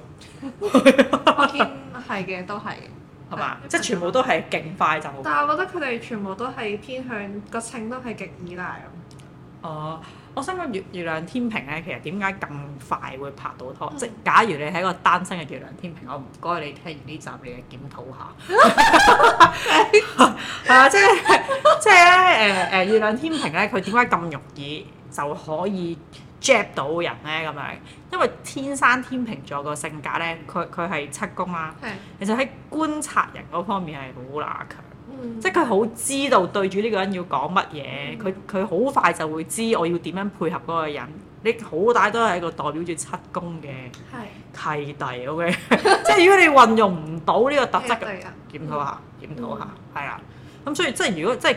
個。天秤係嘅，都係。係嘛？嗯、即係全部都係勁快就好。但係我覺得佢哋全部都係偏向個性都係極依賴哦、呃，我想問月月亮天秤咧，其實點解咁快會拍到拖？即係假如你係一個單身嘅月亮天秤，我唔該你聽完呢集你嘅檢討下。係啊，即係即係咧誒誒，月亮天秤咧，佢點解咁容易就可以？接到人咧，咁樣，因為天生天平座個性格咧，佢佢係七宮啦。係。其實喺觀察人嗰方面係好乸強，即係佢好知道對住呢個人要講乜嘢，佢佢好快就會知我要點樣配合嗰個人。你好大都係一個代表住七宮嘅契弟，OK？即係如果你運用唔到呢個特質嘅，檢討下，檢討下，係啊。咁所以即係如果即係。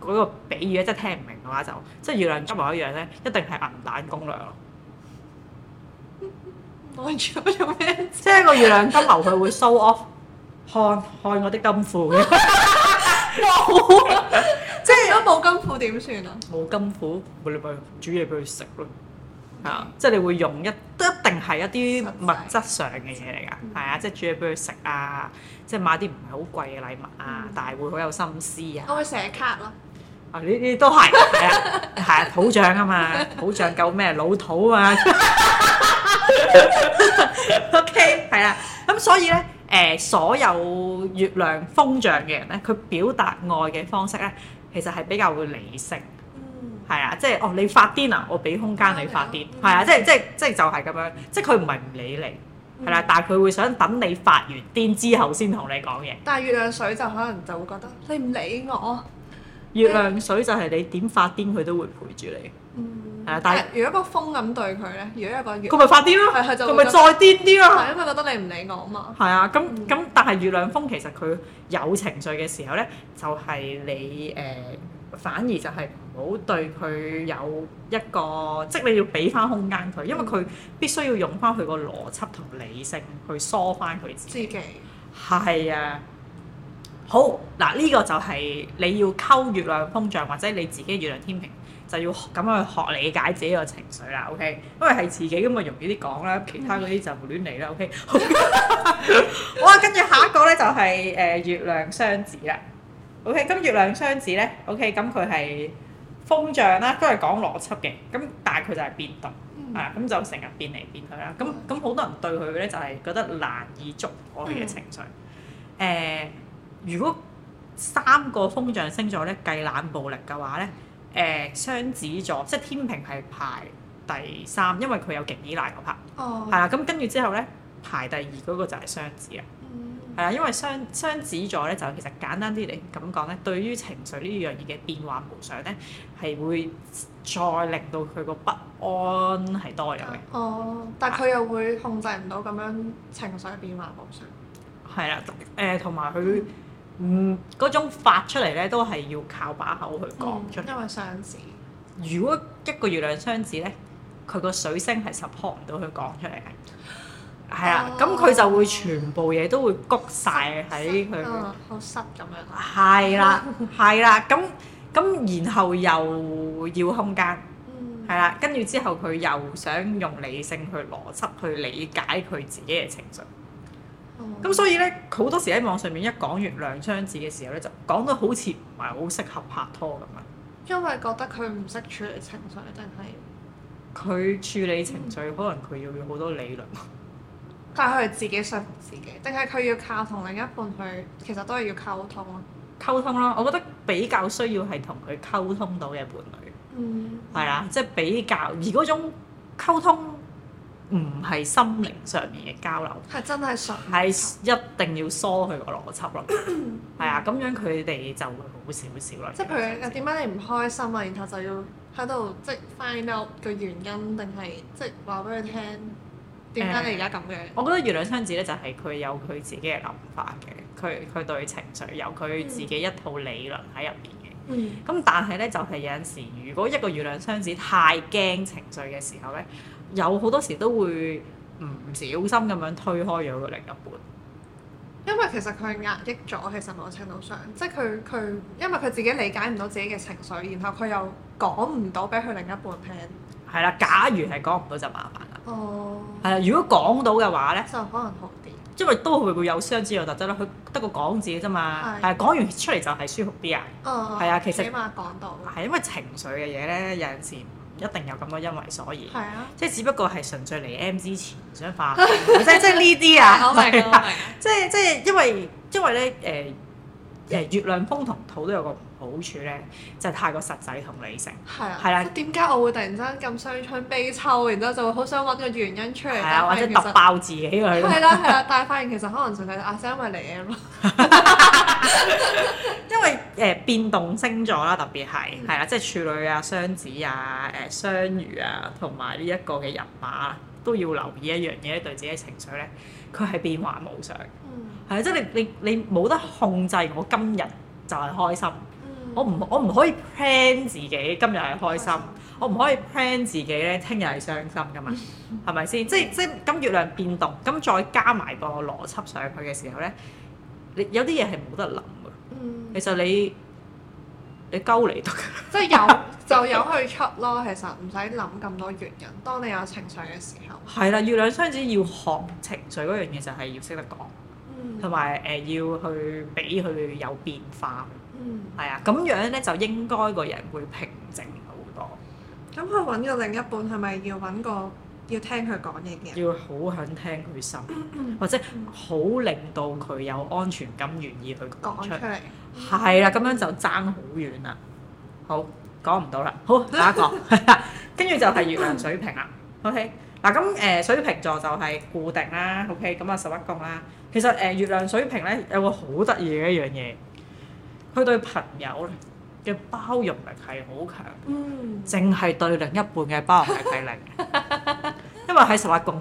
嗰個比喻咧，真係聽唔明嘅話就，即係月亮金牛一樣咧，一定係銀彈攻略。攞住我做咩？即係個月亮金牛，佢會 show off，看看我啲金庫嘅。冇，即係如果冇金庫點算啊？冇金庫，你咪煮嘢俾佢食咯。係啊，即係你會用一，都一定係一啲物質上嘅嘢嚟㗎。係啊，即係煮嘢俾佢食啊，即係買啲唔係好貴嘅禮物啊，但係會好有心思啊。我會寫卡咯。啊！呢啲都係，係啊，係啊，土象啊嘛，土象夠咩老土啊嘛。OK，係啦。咁所以咧，誒，所有月亮風象嘅人咧，佢表達愛嘅方式咧，其實係比較會理性。嗯。係啊，即係哦，你發癲啊，我俾空間你發癲。係啊，即係即係即係就係咁樣，即係佢唔係唔理你，係啦，但係佢會想等你發完癲之後先同你講嘢。但係月亮水就可能就會覺得你唔理我。月亮水就係你點發癲佢都會陪住你，係啊、嗯！但係如果個風咁對佢咧，如果個月佢咪發癲咯、啊，佢咪再癲啲咯、啊，因為覺得你唔理我啊嘛。係啊，咁咁，嗯、但係月亮風其實佢有情緒嘅時候咧，就係、是、你誒、呃，反而就係唔好對佢有一個，嗯、即係你要俾翻空間佢，因為佢必須要用翻佢個邏輯同理性去梳翻佢自己。係啊、嗯。的好嗱，呢、啊這個就係你要溝月亮風象或者你自己月亮天秤就要咁樣去學理解自己個情緒啦。OK，因為係自己咁咪容易啲講啦，其他嗰啲就胡亂嚟啦。OK，、嗯、 好，哇，跟住下一個咧就係、是、誒、呃、月亮雙子啦。OK，咁月亮雙子咧，OK，咁佢係風象啦，都係講邏輯嘅。咁但係佢就係變動、嗯、啊，咁就成日變嚟變去啦。咁咁好多人對佢咧就係、是、覺得難以捉我哋嘅情緒，誒、嗯。呃如果三個風象星座咧計冷暴力嘅話咧，誒、呃、雙子座即天秤係排第三，因為佢有極依賴嗰 part 哦。係啦、oh.，咁跟住之後咧，排第二嗰個就係雙子啊。嗯。係啦，因為雙雙子座咧就其實簡單啲嚟咁講咧，對於情緒呢樣嘢嘅變幻無常咧，係會再令到佢個不安係多咗嘅。哦、oh. 啊。但佢又會控制唔到咁樣情緒變幻無常。係啦，誒同埋佢。呃嗯，嗰種發出嚟咧，都係要靠把口去講出嚟、嗯。因為雙子，如果一個月亮雙子咧，佢個水星係 support 唔到佢講出嚟嘅，係啦，咁佢、oh, 嗯、就會全部嘢都會谷晒喺佢。好濕咁樣。係啦了，係啦、嗯，咁咁，嗯、然後又要空間，係啦、嗯，跟住之後佢又想用理性去邏輯去理解佢自己嘅情緒。咁、嗯、所以咧，好多時喺網上面一講完月亮雙子嘅時候咧，就講到好似唔係好適合拍拖咁樣。因為覺得佢唔識處理情緒，定係佢處理情緒、嗯、可能佢要用好多理論。但係佢係自己信自己，定係佢要靠同另一半去，其實都係要溝通咯。溝通咯，我覺得比較需要係同佢溝通到嘅伴侶。嗯。係啊的，嗯、即係比較而嗰種溝通。唔係心靈上面嘅交流，係真係疏，係一定要疏佢個邏輯咯。係啊，咁 樣佢哋就會好少少啦。即係譬如，點解你唔開心啊？然後就要喺度即係 find out 個原因，定係即係話俾佢聽點解你而家咁樣、呃？我覺得月亮雙子咧就係、是、佢有佢自己嘅諗法嘅，佢佢對情緒有佢自己一套理論喺入邊嘅。嗯。咁但係咧，就係、是、有陣時，如果一個月亮雙子太驚情緒嘅時候咧。有好多時都會唔小心咁樣推開咗佢另一半，因為其實佢係壓抑咗，其實某程度上，即係佢佢，因為佢自己理解唔到自己嘅情緒，然後佢又講唔到俾佢另一半聽。係啦，假如係講唔到就麻煩啦。哦。係啦，如果講到嘅話咧，就可能好啲，因為都會會有傷之特有得得啦。佢得個講字嘅啫嘛，係啊、哎，講完出嚟就係舒服啲啊。哦。係啊，其實。起碼講到。係因為情緒嘅嘢咧，有陣時。一定有咁多因為，所以，係啊、即係只不過係純粹嚟 M 之前想化，即係即係呢啲啊，即係即係因為因為咧，誒誒月亮風同土都有個。好處咧就係、太過實際同理性，係啊，係啦、啊。點解我會突然之間咁傷春悲秋，然之後就好想揾個原因出嚟？係啊，或者突爆自己佢。係啦係啦，但係發現其實可能純粹係因為離異咯，因為誒變動星座啦，特別係係啦，即係處女啊、雙子啊、誒、呃、雙魚啊，同埋呢一個嘅人馬都要留意一樣嘢，對自己情緒咧，佢係變幻無常。嗯，係啊，即係你你你冇得控制，我今日就係開心。我唔我唔可以 plan 自己今日係開心，次我唔可以 plan 自己咧聽日係傷心噶嘛，係咪先？即即咁月亮變動，咁再加埋個邏輯上去嘅時候咧，你有啲嘢係冇得諗噶。其實你你勾嚟都、嗯、 即有就有去出咯。其實唔使諗咁多原因。當你有情緒嘅時候，係啦、 嗯，月亮雙子要學情緒嗰樣嘢，就係要識得講，同埋誒要去俾佢有變化。嗯，係啊，咁樣咧就應該個人會平靜好多，嗯。咁佢揾個另一半係咪要揾個要聽佢講嘢嘅人？要好肯聽佢心，嗯嗯，或者好令到佢有安全感，願意去講出嚟。係啦，嗯，咁樣就爭好遠啦。好，講唔到啦。好，下一個，跟住 就係月亮水瓶啦。O K，嗱咁誒，水瓶座就係固定啦。O K，咁啊十一宮啦。其實誒，呃，月亮水瓶咧有個好得意嘅一樣嘢。佢對朋友咧嘅包容力係好強，嗯，淨係對另一半嘅包容力係零，因為係十一宮。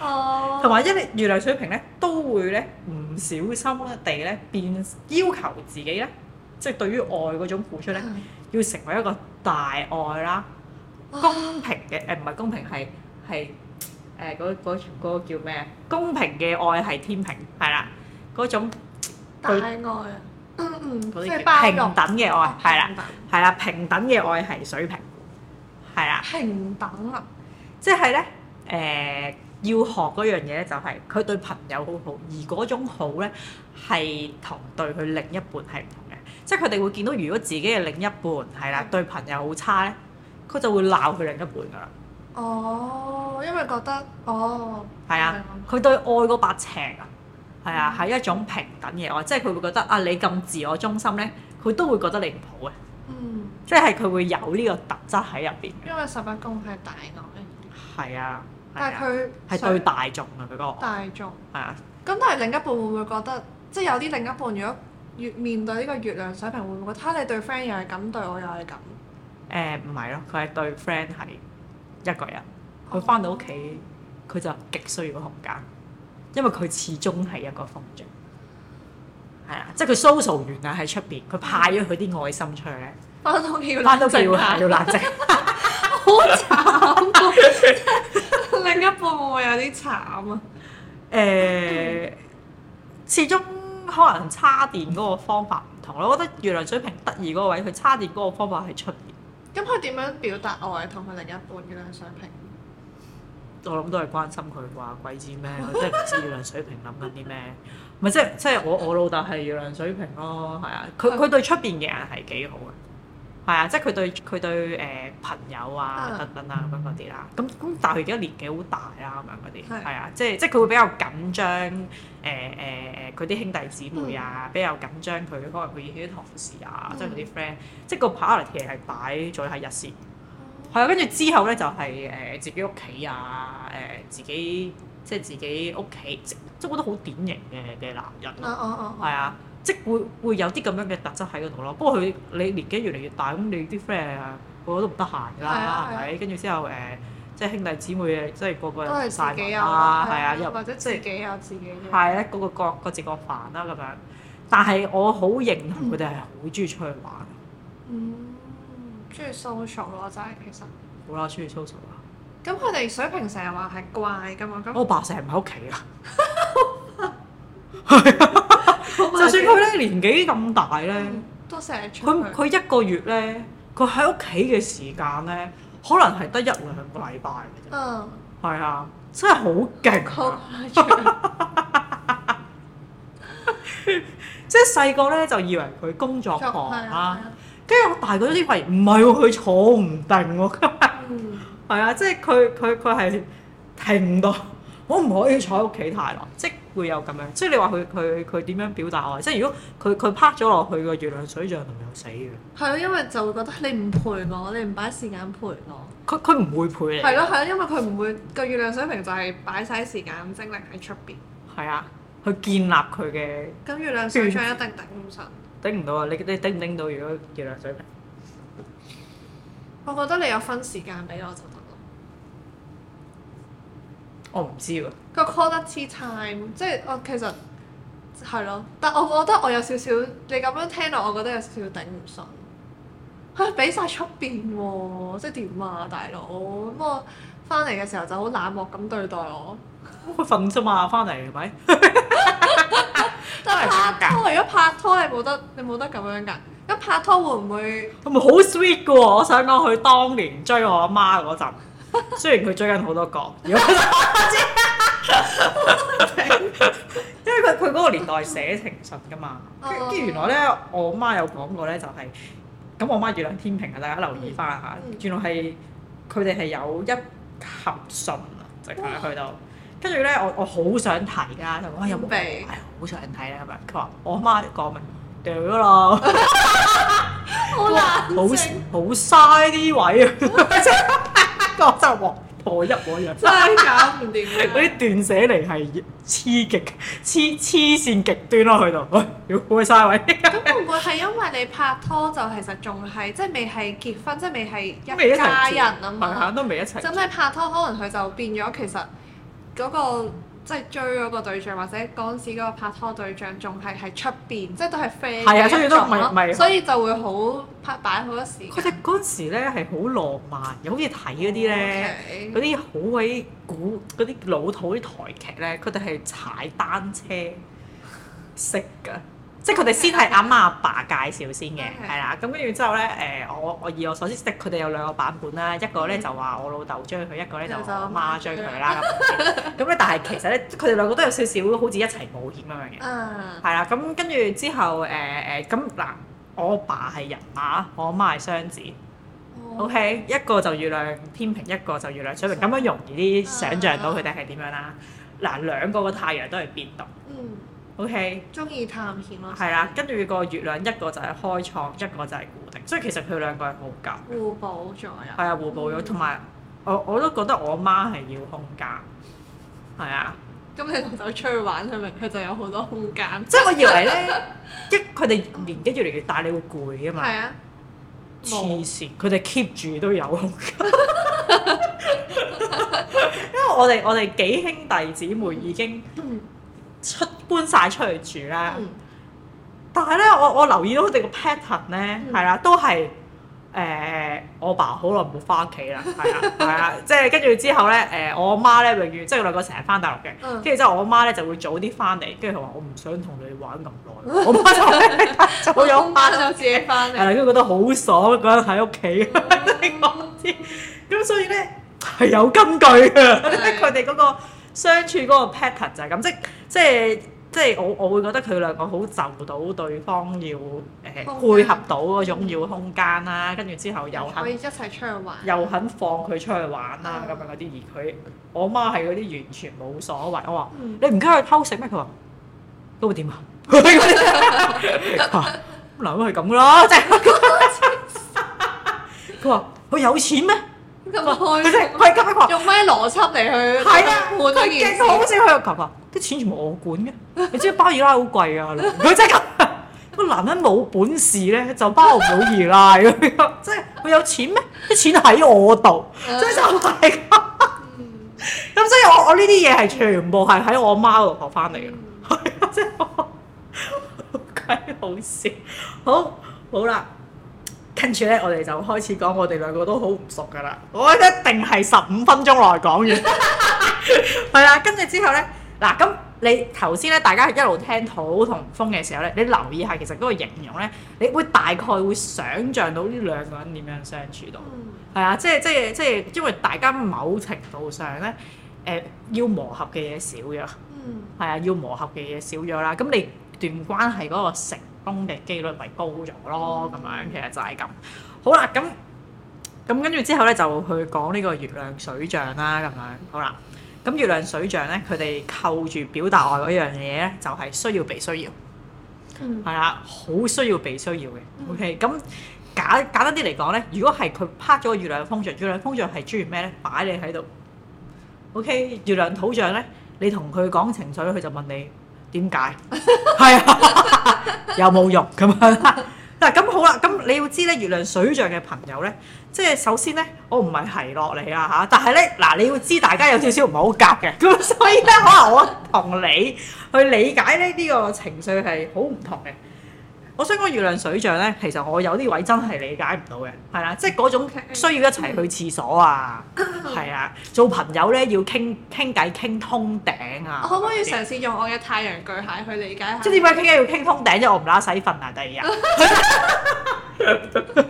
哦。同埋，因為月亮水瓶咧都會咧唔小心地咧變要求自己咧，即係對於愛嗰種付出咧，要成為一個大愛啦，公平嘅，誒唔係公平係係誒嗰嗰嗰個叫咩？公平嘅愛係天秤，係啦，嗰種。大愛、啊嗯，即係平等嘅愛，係啦，係啦，平等嘅愛係水瓶，係啦，平等，即係咧，誒、啊呃，要學嗰樣嘢咧，就係佢對朋友好好，而嗰種好咧，係同對佢另一半係唔同嘅，嗯、即係佢哋會見到，如果自己嘅另一半係啦、嗯、對朋友好差咧，佢就會鬧佢另一半噶啦。哦，因為覺得，哦，係啊的，佢的對愛嗰八尺啊。係啊，係一種平等嘅愛，即係佢會覺得啊，你咁自我中心咧，佢都會覺得你唔好嘅。嗯，即係佢會有呢個特質喺入邊。因為十一宮係大愛嘅。係啊，啊但係佢係對大眾，大眾啊，佢個大眾係啊。咁但係另一半分會唔會覺得，即係有啲另一半，如果月面對呢個月亮水平，會唔會覺得、啊、你對 friend 又係咁對我，我又係咁？誒唔係咯，佢係對 friend 係一個人，佢翻、哦、到屋企，佢 okay. 就極需要個空間。因為佢始終係一個風象，係啊，即係佢 social 完啊喺出邊，佢派咗佢啲愛心出去。翻到橋，翻到橋下要冷靜，好慘！另一半會會有啲慘啊？誒、呃，始終可能叉電嗰個方法唔同咯。我覺得月亮水瓶得意嗰位，佢叉電嗰個方法係出邊。咁佢點樣表達愛同佢另一半嘅呢？水瓶？我諗都係關心佢話鬼知咩、 就是就是？我真係唔知月亮水瓶諗緊啲咩？咪即係即係我我老豆係月亮水瓶咯，係啊，佢佢 對出邊嘅人係幾好嘅，係啊，即係佢對佢對誒、呃、朋友啊等等啊咁嗰啲啦，咁咁但係佢而家年紀好大啊咁樣嗰啲，係啊，即係即係佢會比較緊張誒誒佢啲兄弟姊妹啊，比較緊張佢可能佢啲同事啊，即係佢啲 friend，即係個 priority 係擺咗喺日先。係啊，跟住之後咧就係誒自己屋企啊，誒自己即係自己屋企，即即覺得好典型嘅嘅男人咯，係啊，即會會有啲咁樣嘅特質喺嗰度咯。不過佢你年紀越嚟越大，咁你啲 friend 啊，個個都唔得閒㗎啦，係，跟住之後誒，即兄弟姊妹即即個個都係自己啊，係啊，又或者自己啊自己，係啊，各個各各食各飯啦咁樣。但係我好認同佢哋係好中意出去玩。中意 social 咯，就係其實。好啦，中意 social 啦。咁佢哋水平成日話係怪㗎嘛？咁我爸成日唔喺屋企啊。係。就算佢咧年紀咁大咧、嗯，都成日出。佢佢一個月咧，佢喺屋企嘅時間咧，可能係得一兩個禮拜。嗯。係啊，真係好勁啊！即係細個咧就以為佢工作狂作啊。跟住我大個咗啲發現，唔係喎，佢坐唔定喎，咁 係、嗯、啊，即係佢佢佢係停唔到，我唔可以坐喺屋企太耐，即係會有咁樣。即係你話佢佢佢點樣表達我？即係如果佢佢趴咗落去個月亮水象，係咪死嘅？係咯，因為就會覺得你唔陪我，你唔擺時間陪我。佢佢唔會陪你。係咯係咯，因為佢唔會，個月亮水瓶就係擺晒時間精力喺出邊。係啊，去建立佢嘅。咁月亮水象一定頂唔順。 頂唔到啊！你你頂唔頂到？如果月亮水瓶？我覺得你有分時間俾我就得咯。我唔知喎。個 quality time 即係我其實係咯，但我覺得我有少少你咁樣聽落，我覺得有少少頂唔順。佢俾晒出邊喎？即係點啊，大佬，咁我翻嚟嘅時候就好冷漠咁對待我。佢瞓咗嘛？翻嚟係咪？ 就拍拖，如果拍拖你冇得，你冇得咁樣噶。咁拍拖會唔會？佢咪好 sweet 噶喎！我想講佢當年追我阿媽嗰陣， 雖然佢追緊好多個。如果因為佢佢嗰個年代寫情信噶嘛，跟住、uh, 原來咧我媽有講過咧，就係咁。我媽、就是、月亮天秤啊，大家留意翻吓。原來係佢哋係有一盒信啊，即係去到。Uh huh. 跟住咧，我我好想睇㗎，就講有冇鼻，係好秘、哎、想睇咧咁樣。佢話我媽講明掉咗啦，好好嘥啲位啊！講真喎，王婆一模一樣真搞唔掂。嗰啲斷捨離係黐極黐黐線極端咯、啊，去到喂，好鬼嘥位。咁會唔會係因為你拍拖就其實仲係、就是、即係未係結婚，即係未係一家人啊嘛，都未一齊。咁你拍拖可能佢就變咗其實。嗰、嗰個、即係追嗰個對象，或者嗰陣時嗰個拍拖對象仲係喺出邊，即係都係飛嘅狀態，所以都唔係，所以就會好 拍擺好多時間。佢哋嗰陣時咧係好浪漫，又、oh, okay. 好似睇嗰啲咧嗰啲好鬼古嗰啲老土啲台劇咧，佢哋係踩單車識㗎。即係佢哋先係阿媽阿爸，爸介紹先嘅，係啦。咁跟住之後咧，誒、呃，我我以我所知，即係佢哋有兩個版本啦。一個咧就話我老豆追佢，一個咧就我媽，媽追佢啦。咁咁咧，但係其實咧，佢哋兩個都有少少好似一齊冒險咁樣嘅。係啦。咁跟住之後，誒、呃、誒，咁、嗯、嗱，我爸係人馬，我阿媽係雙子。哦、o、okay? K，一個就月亮天秤，一個就月亮水瓶，咁樣容易啲想像到佢哋係點樣啦。嗱，兩、 啊、個個太陽都係變動。O.K. 中意探險咯，係啊，跟 住個月亮一個就係開創，一個就係固定，嗯、所以其實佢兩個係好夾，互補咗啊。係啊，互補咗，同埋 我我都覺得我媽係要空間，係啊。咁你同佢出去玩，佢咪佢就有好多空間。 即係我以為咧，一佢哋年紀越嚟越大，你會攰啊嘛。係啊，黐 線，佢哋 keep 住都有空間， 因為我哋我哋幾兄弟姊妹已經。 出搬晒出去住啦，但係咧，我我留意到佢哋個 pattern 咧，係啦，都係誒我爸好耐冇翻屋企啦，係啊係啊，即係跟住之後咧誒我阿媽咧永遠即係兩個成日翻大陸嘅，跟住之後我阿媽咧就會早啲翻嚟，跟住佢話我唔想同你玩咁耐，我唔想，我有班就自己翻嚟，係因為覺得好爽，覺得喺屋企，咁所以咧係有根據嘅，佢哋嗰個。相處嗰個 pattern 就係咁，即即即我我會覺得佢兩個好遷就到對方要誒 Okay. 配合到嗰種要空間啦，跟住之後又肯，可以一齊出去玩，又肯放佢出去玩啦咁樣嗰啲。而佢我媽係嗰啲完全冇所謂。我話、嗯、你唔驚佢偷食咩？佢話都會點啊？嗱，咁係咁噶，即係佢話佢有錢咩？今日開，用咩邏輯嚟去？係啊，佢勁好笑佢又啊。啲錢全部我管嘅。你知包二奶好貴啊，佢真係個男人冇本事咧，就包唔到二奶。即係佢有錢咩？啲錢喺我度，即係就係咁。咁所以我我呢啲嘢係全部係喺我媽度學翻嚟嘅。係 啊，真係好鬼好笑。好好啦。跟住咧，我哋就開始講，我哋兩個都好唔熟㗎喇。我一定係十五分鐘內講完、 啊，係啦。跟住之後咧，嗱、啊，咁你頭先咧，大家一路聽土同風嘅時候咧，你留意下其實嗰個形容咧，你會大概會想像到呢兩個人點樣相處到，係、嗯、啊，即係即係即係，因為大家某程度上咧，誒、呃、要磨合嘅嘢少咗，係、嗯、啊，要磨合嘅嘢少咗啦。咁你段關係嗰個成攻擊幾率咪高咗咯，咁樣其實就係咁。好啦，咁咁跟住之後咧就去講呢個月亮水象啦，咁樣好啦。咁月亮水象咧，佢哋扣住表達愛嗰樣嘢咧，就係需要被需要，係啦，好需要被需要嘅。OK，咁簡簡單啲嚟講咧，如果係佢拍咗個月亮風象，月亮風象係中意咩咧？擺你喺度。OK，月亮土象咧，你同佢講情緒，佢就問你。點解？係啊， 有冇用咁樣。嗱 咁好啦，咁你要知咧，月亮水象嘅朋友咧，即係首先咧，我唔係奚落嚟啊嚇。但係咧，嗱，你要知大家有少少唔係好夾嘅，咁 所以咧，可能我同你去理解呢呢個情緒係好唔同嘅。我想講月亮水象咧，其實我有啲位真係理解唔到嘅，係啦，即係嗰種需要一齊去廁所啊，係啊，做朋友咧要傾傾偈傾通頂啊。我可唔可以嘗試用我嘅太陽巨蟹去理解下？即係點解傾偈要傾通頂，啊？即我唔拉洗瞓啊！第二日，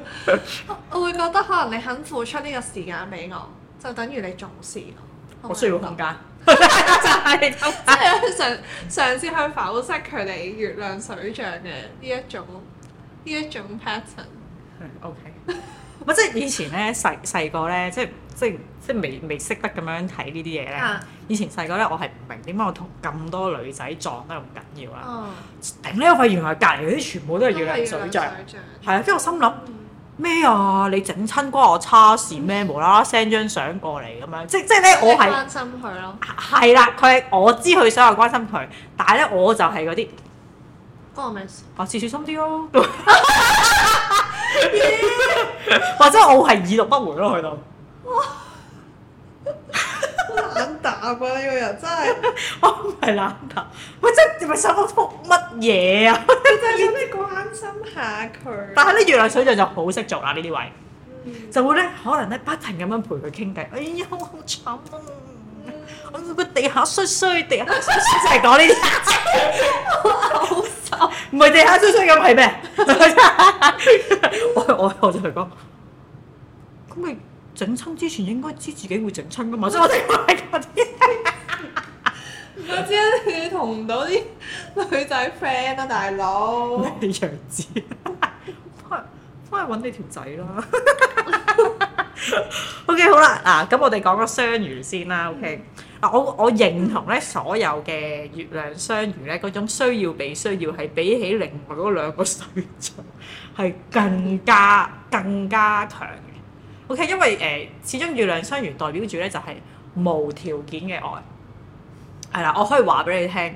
我會覺得可能你肯付出呢個時間俾我，就等於你重視我。我需要空間。 就係、是，即係去嘗嘗試去分析佢哋月亮水象嘅呢一種呢一種 pattern。係 OK。唔 即係以前咧細細個咧，即係即係即係未未識得咁樣睇呢啲嘢咧。啊、以前細個咧，我係唔明點解我同咁多女仔撞得咁緊要啦。頂呢，我發現，原來隔離嗰啲全部都係月亮水象。係啊，即係、嗯、我心諗。嗯咩啊！你整親關我叉事咩？無啦啦 send 張相過嚟咁樣，即即咧我係關心佢咯。係啦、啊，佢我知佢想話關心佢，但係咧我就係嗰啲 comments，小心啲咯，或者我係已讀不回咯，去到。Oh. 冷淡啊！呢個人真係，我唔係冷淡。喂，真係你咪想我做乜嘢啊？真係關心下佢。但係咧，原來水象就好識做啊！呢啲位就會咧，可能咧不停咁樣陪佢傾偈。哎呀，我好慘啊！我個地下衰衰地啊！就係講呢啲，好受。唔係地下衰衰咁，係咩？我我我再講，咁咪。整親之前應該知自己會整親㗎嘛？所以我知，我知。我知，你同唔到啲女仔 friend 啊，大佬。楊子，返返去揾你條仔囉。OK，好啦，嗱，咁我哋講個雙魚先啦。OK，嗱，我我認同咧，所有嘅月亮雙魚咧，嗰種需要被需要，係比起另外嗰兩個水象，係更加更加強。O.K.，因為誒、呃，始終月亮雙魚代表住咧就係、是、無條件嘅愛，係啦，我可以話俾你聽，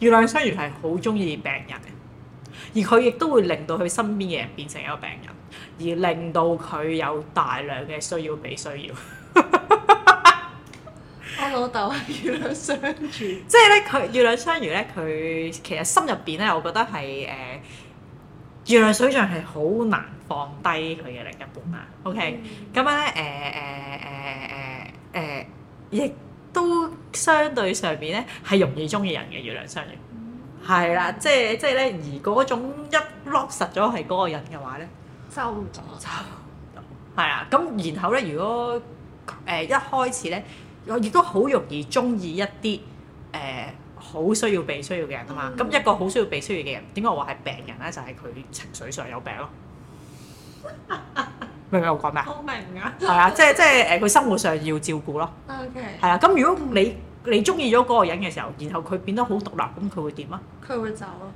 月亮雙魚係好中意病人嘅，而佢亦都會令到佢身邊嘅人變成一個病人，而令到佢有大量嘅需要被需要。 我老豆係月亮雙魚 即呢，即係咧佢月亮雙魚咧，佢其實心入邊咧，我覺得係誒。呃月亮水象係好難放低佢嘅另一半啊，OK？咁樣咧，誒誒誒誒誒，亦都相對上邊咧係容易中意人嘅月亮雙魚，係啦、嗯，即係即係咧，而嗰種一 lock 實咗係嗰個人嘅話咧，就就係啦。咁 然後咧，如果誒、呃、一開始咧，我亦都好容易中意一啲誒。呃好需要被需要嘅人啊嘛，咁一個好需要被需要嘅人，點解我話係病人咧？就係佢情緒上有病咯。明唔明我講咩啊？好明啊。係啊，即係即係誒，佢生活上要照顧咯。O K。係啊，咁如果你你中意咗嗰個人嘅時候，然後佢變得好獨立，咁佢會點啊？佢會走咯。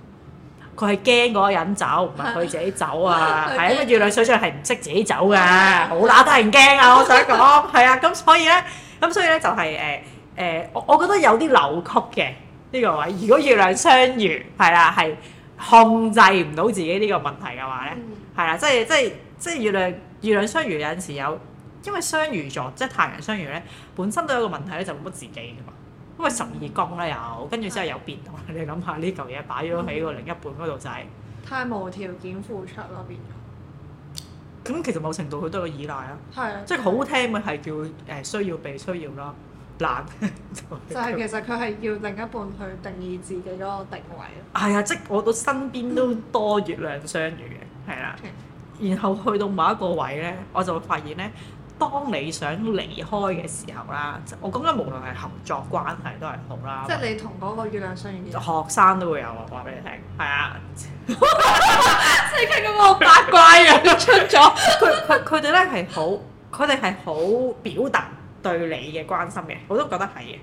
佢係驚嗰個人走，唔係佢自己走啊。係因為月亮水象係唔識自己走嘅，好打得人驚啊！我想講係啊，咁所以咧，咁所以咧就係誒誒，我我覺得有啲扭曲嘅。呢個位，如果月亮雙魚係啦，係控制唔到自己呢個問題嘅話咧，係、嗯、啦，即係即係即係月亮月亮雙魚有陣時有，因為雙魚座即係太陽雙魚咧，本身都有一個問題咧，就冇乜自己嘅嘛，因為十二宮咧有，嗯、跟住之後有變動，是的 你諗下呢嚿嘢擺咗喺個另一半嗰度就係、是、太無條件付出咯，變咗，咁其實某程度佢都有依賴咯，係啊的，即係好聽嘅係叫誒需要被需要咯。 就係其實佢係要另一半去定義自己嗰個定位。係啊， 哎、即係我到身邊都多月亮雙魚嘅，係啦。Okay. 然後去到某一個位咧，我就會發現咧，當你想離開嘅時候啦，我覺得無論係合作關係都係好啦。即係 但 你同嗰個月亮雙魚，學生都會有話話俾你聽，係啊。你咁個八卦啊出咗，佢佢佢哋咧係好，佢哋係好表達。 對你嘅關心嘅，我都覺得係嘅。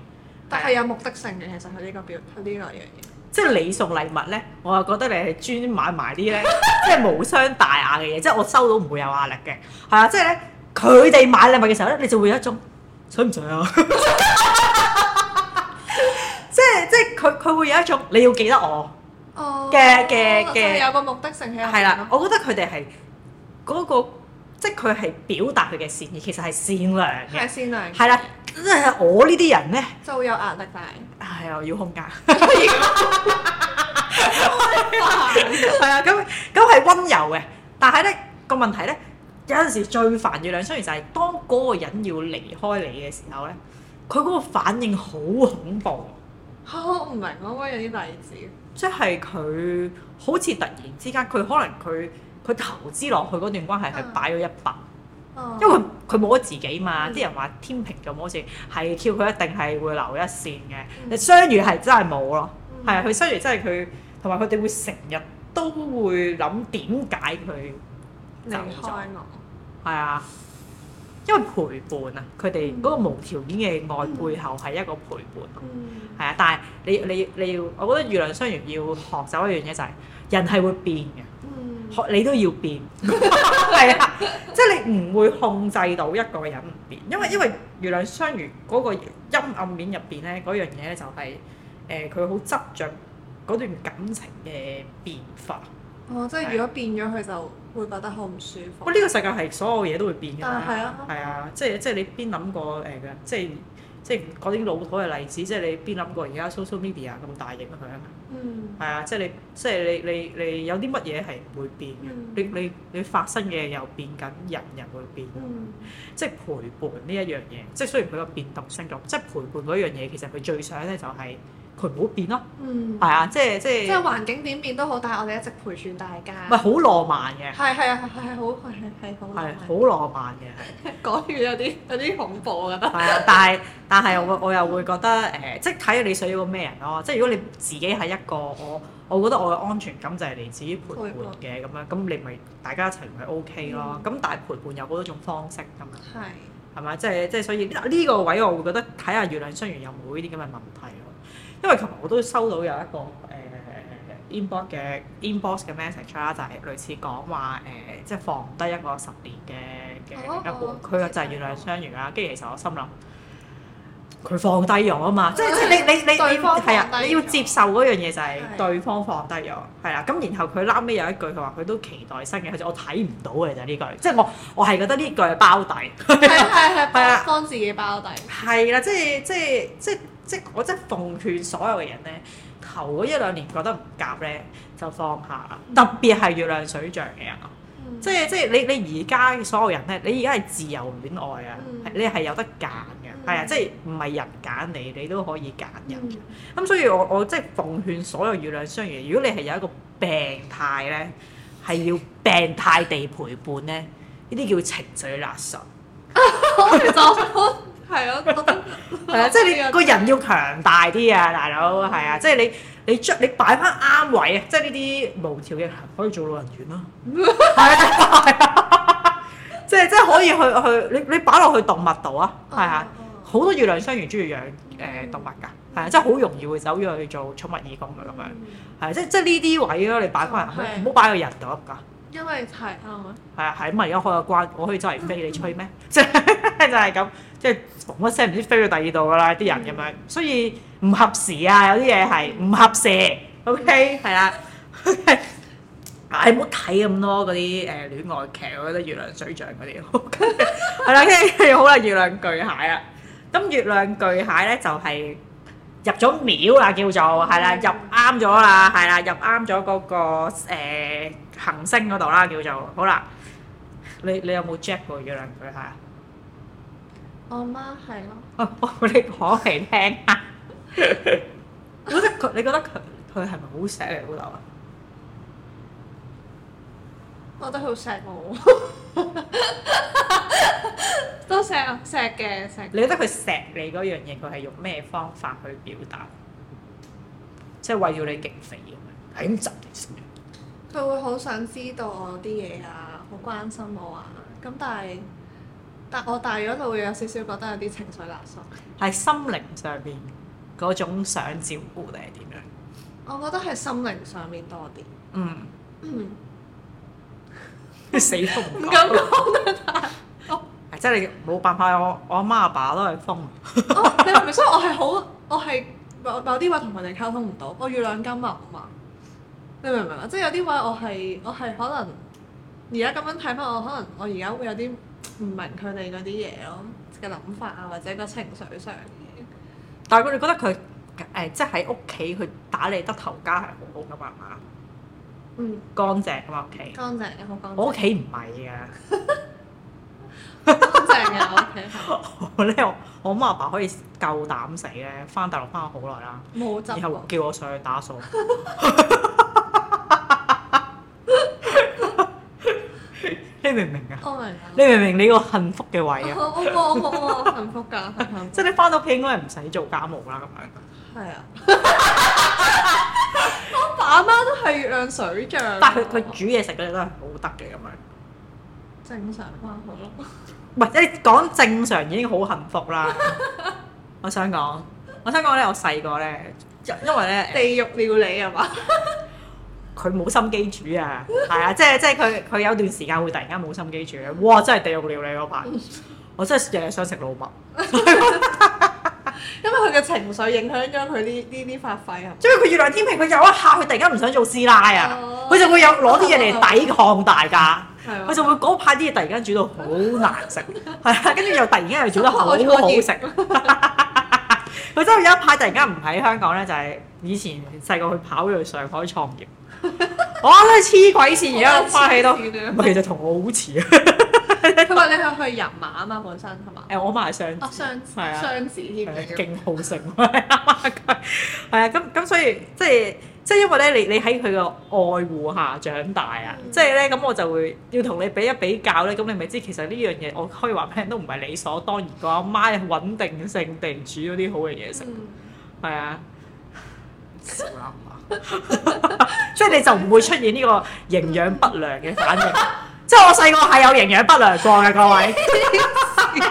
但係有目的性嘅，其實佢呢個表，佢、這、呢兩樣嘢。即係你送禮物咧，我係覺得你係專買埋啲咧，即係無傷大雅嘅嘢，即係我收到唔會有壓力嘅。係啊，即係咧，佢哋買禮物嘅時候咧，你就會有一種，想唔想？啊？ 即係即係佢佢會有一種你要記得我嘅嘅嘅，oh, 有個目的性嘅。係啦，我覺得佢哋係嗰個。即係佢係表達佢嘅善意，various, 其實係善良嘅。係善良。係啦， 即係我呢啲人咧，就有壓力大。係 Monday 啊，要空間。係啊，咁咁係溫柔嘅，但係咧個問題咧，有陣時最煩嘅兩相宜就係當嗰個人要離開你嘅時候咧，佢嗰個反應好恐怖。嚇，我唔明，可唔可以有啲例子？即係佢好似突然之間，佢可能佢。佢投資落去嗰段關係係擺咗一百，嗯哦、因為佢冇咗自己嘛。啲、嗯、人話天平就冇好似，係叫佢一定係會留一線嘅。你、嗯、雙魚係真係冇咯，係啊、嗯，佢雙魚真係佢同埋佢哋會成日都會諗點解佢離開我？係啊，因為陪伴啊，佢哋嗰個無條件嘅愛背後係一個陪伴，係、嗯嗯、啊。但係你你你，你要，我覺得月亮雙魚要學走一樣嘢就係、是、人係會變嘅。學你都要變，係 啊！即、就、係、是、你唔會控制到一個人唔變，因為因為月亮雙魚嗰、那個陰暗面入邊咧，嗰樣嘢咧就係誒佢好執着嗰段感情嘅變化。哦，即係如果變咗，佢就會覺得好唔舒服。不過呢個世界係所有嘢都會變嘅。啦是。啊，係啊、嗯，即係即係你邊諗過誒嘅、呃，即係。即係講啲老土嘅例子，即係你邊諗過而家 social media 咁大影響啊？係、嗯、啊，即係你，即係你，你，你有啲乜嘢係唔會變嘅？嗯、你，你，你發生嘅又變緊，人又會變、嗯即。即係陪伴呢一樣嘢，即係雖然佢個變動性咁，即係陪伴嗰樣嘢，其實佢最想咧就係、是。佢唔好變咯，係啊、嗯、啊，即係即係，即係環境點變都好，但係我哋一直陪住大家。咪好浪漫嘅，係係係係係好係係好係好浪漫嘅， 講完有啲有啲恐怖，我覺得。係啊，但係但係我是我又會覺得誒、呃，即係睇下你想要個咩人咯。即係如果你自己係一個我，我覺得我嘅安全感就係嚟自於陪伴嘅咁樣。咁你咪大家一齊咪 OK 咯。咁、嗯、但係陪伴有好多種方式㗎嘛，係咪？是即係即係所以呢個位我會覺得睇下月亮雙魚有冇呢啲咁嘅問題。因為琴日我都收到有一個誒、呃、inbox 嘅 inbox 嘅 message 啦，就係、是、類似講話誒，即、呃、係、就是、放低一個十年嘅嘅一半。佢、哦、就係原來係雙魚啦。跟住其實我心諗佢放低咗啊嘛，即係即係你你你係啊，你要接受嗰樣嘢就係對方放低咗，係啊。咁然後佢後尾後 有一句佢話佢都期待新嘅，佢就我睇唔到嘅就係呢句，即係我我係覺得呢句係包底，係係係，雙方自己包底，係啦，即係即係即係。即即即即係我真係奉勸所有嘅人咧，頭嗰一兩年覺得唔夾咧，就放下啦。特別係月亮水象嘅人、嗯，即係即係你你而家所有人咧，你而家係自由戀愛啊，嗯、你係有得揀嘅，係啊、嗯，即係唔係人揀你，你都可以揀人。咁、嗯、所以我我即係奉勸所有月亮雙魚，如果你係有一個病態咧，係要病態地陪伴咧，呢啲叫情緒垃圾。啊 係咯，係啊，即係你個人要強大啲啊，大佬係啊，即係你你著你擺翻啱位啊，即係呢啲無條件可以做老人院啦，係啊，即係即係可以去去你你擺落去動物度啊，係啊，好多月亮雙魚中意養誒動物㗎，係啊，即係好容易會走咗去做寵物義工嘅咁樣，係啊，即係即係呢啲位咯，你擺翻唔好擺個人度㗎，因為係啊嘛，係啊係咁而家開個關，我可以周圍飛你吹咩，就係咁。即係嘣一聲，唔知飛到第二度噶啦啲人咁樣，所以唔合時啊，有啲嘢係唔合時，OK，係啦，係，唉，唔好睇咁多嗰啲誒戀愛劇，嗰啲月亮水象嗰啲，係啦，OK，好啦，月亮巨蟹啊，咁月亮巨蟹咧就係入咗廟啦，叫做係啦，入啱咗啦，係啦，入啱咗嗰個誒行星嗰度啦，叫做好啦，你你有冇 check 過月亮巨蟹啊？我媽係咯。我 你講嚟聽下 你覺得佢佢係咪好錫你老豆啊？我覺得佢好錫我，都錫啊錫嘅錫。你覺得佢錫你嗰 樣嘢，佢係用咩方法去表達？即係為咗你勁肥咁樣，係咁集佢會好想知道我啲嘢啊，好關心我啊，咁但係。但我大咗就會有少少覺得有啲情緒勒索，係心靈上邊嗰種想照顧定係點樣？我覺得係心靈上面多啲。嗯。嗯。啲死風唔敢講得哦，即係你冇辦法，我我媽阿爸，爸都係風。 oh, 你明唔明？ 所以我係好，我係有有啲話同人哋溝通唔到，我月亮金牛嘛，嘛，你明唔明啊？即係有啲話我係我係可能而家咁樣睇翻我，我可能我而家會有啲。唔明佢哋嗰啲嘢咯，嘅諗法啊，或者個情緒上嘅。但係我哋覺得佢誒、呃，即係喺屋企佢打理得頭家係好好噶，係嘛？嗯，乾淨啊嘛，屋企。Okay. 乾淨嘅好乾淨。我屋企唔係啊。乾淨嘅我屋企。咧我我媽阿爸，爸可以夠膽死咧，翻大陸翻咗好耐啦。冇然後叫我上去打掃。 你明唔明啊？明啊！你明唔明你個幸福嘅位啊？我我我我幸福㗎！即係你翻到屋企應該係唔使做家務啦咁樣。係啊！我爸阿媽都係月亮水象，但係佢佢煮嘢食咧都係好得嘅咁樣。正常返，好咯。唔係，即係講正常已經好幸福啦。我想講，我想講咧，我細個咧，因為咧地獄料理啊嘛。佢冇心機煮啊，係啊，即係即係佢佢有段時間會突然間冇心機煮，哇！真係地獄料理嗰排，我真係日日想食老麥， 因為佢嘅情緒影響咗佢呢呢啲發揮啊。所以佢月亮天秤，佢有一下佢突然間唔想做師奶啊，佢 就會有攞啲嘢嚟抵抗大家，佢 就會嗰排啲嘢突然間煮到好難食，係啊，跟住又突然間又煮得好好食。佢真係有一排突然間唔喺香港咧，就係、是、以前細個去跑去上海創業。我都係黐鬼線而家翻起都唔其實同我好似啊！佢話你去去人馬啊嘛，本身係嘛？誒，我媽雙，雙，雙子添，勁好勝啊！阿媽佢係啊，咁咁所以即係即係因為咧，你你喺佢嘅愛護下長大啊，即係咧咁我就會要同你比一比較咧，咁你咪知其實呢樣嘢，我可以話俾你聽都唔係理所當然。個阿媽係穩定性定煮嗰啲好嘅嘢食，係啊。所以 你就唔會出現呢個營養不良嘅反應，即係 我細個係有營養不良過嘅，各位。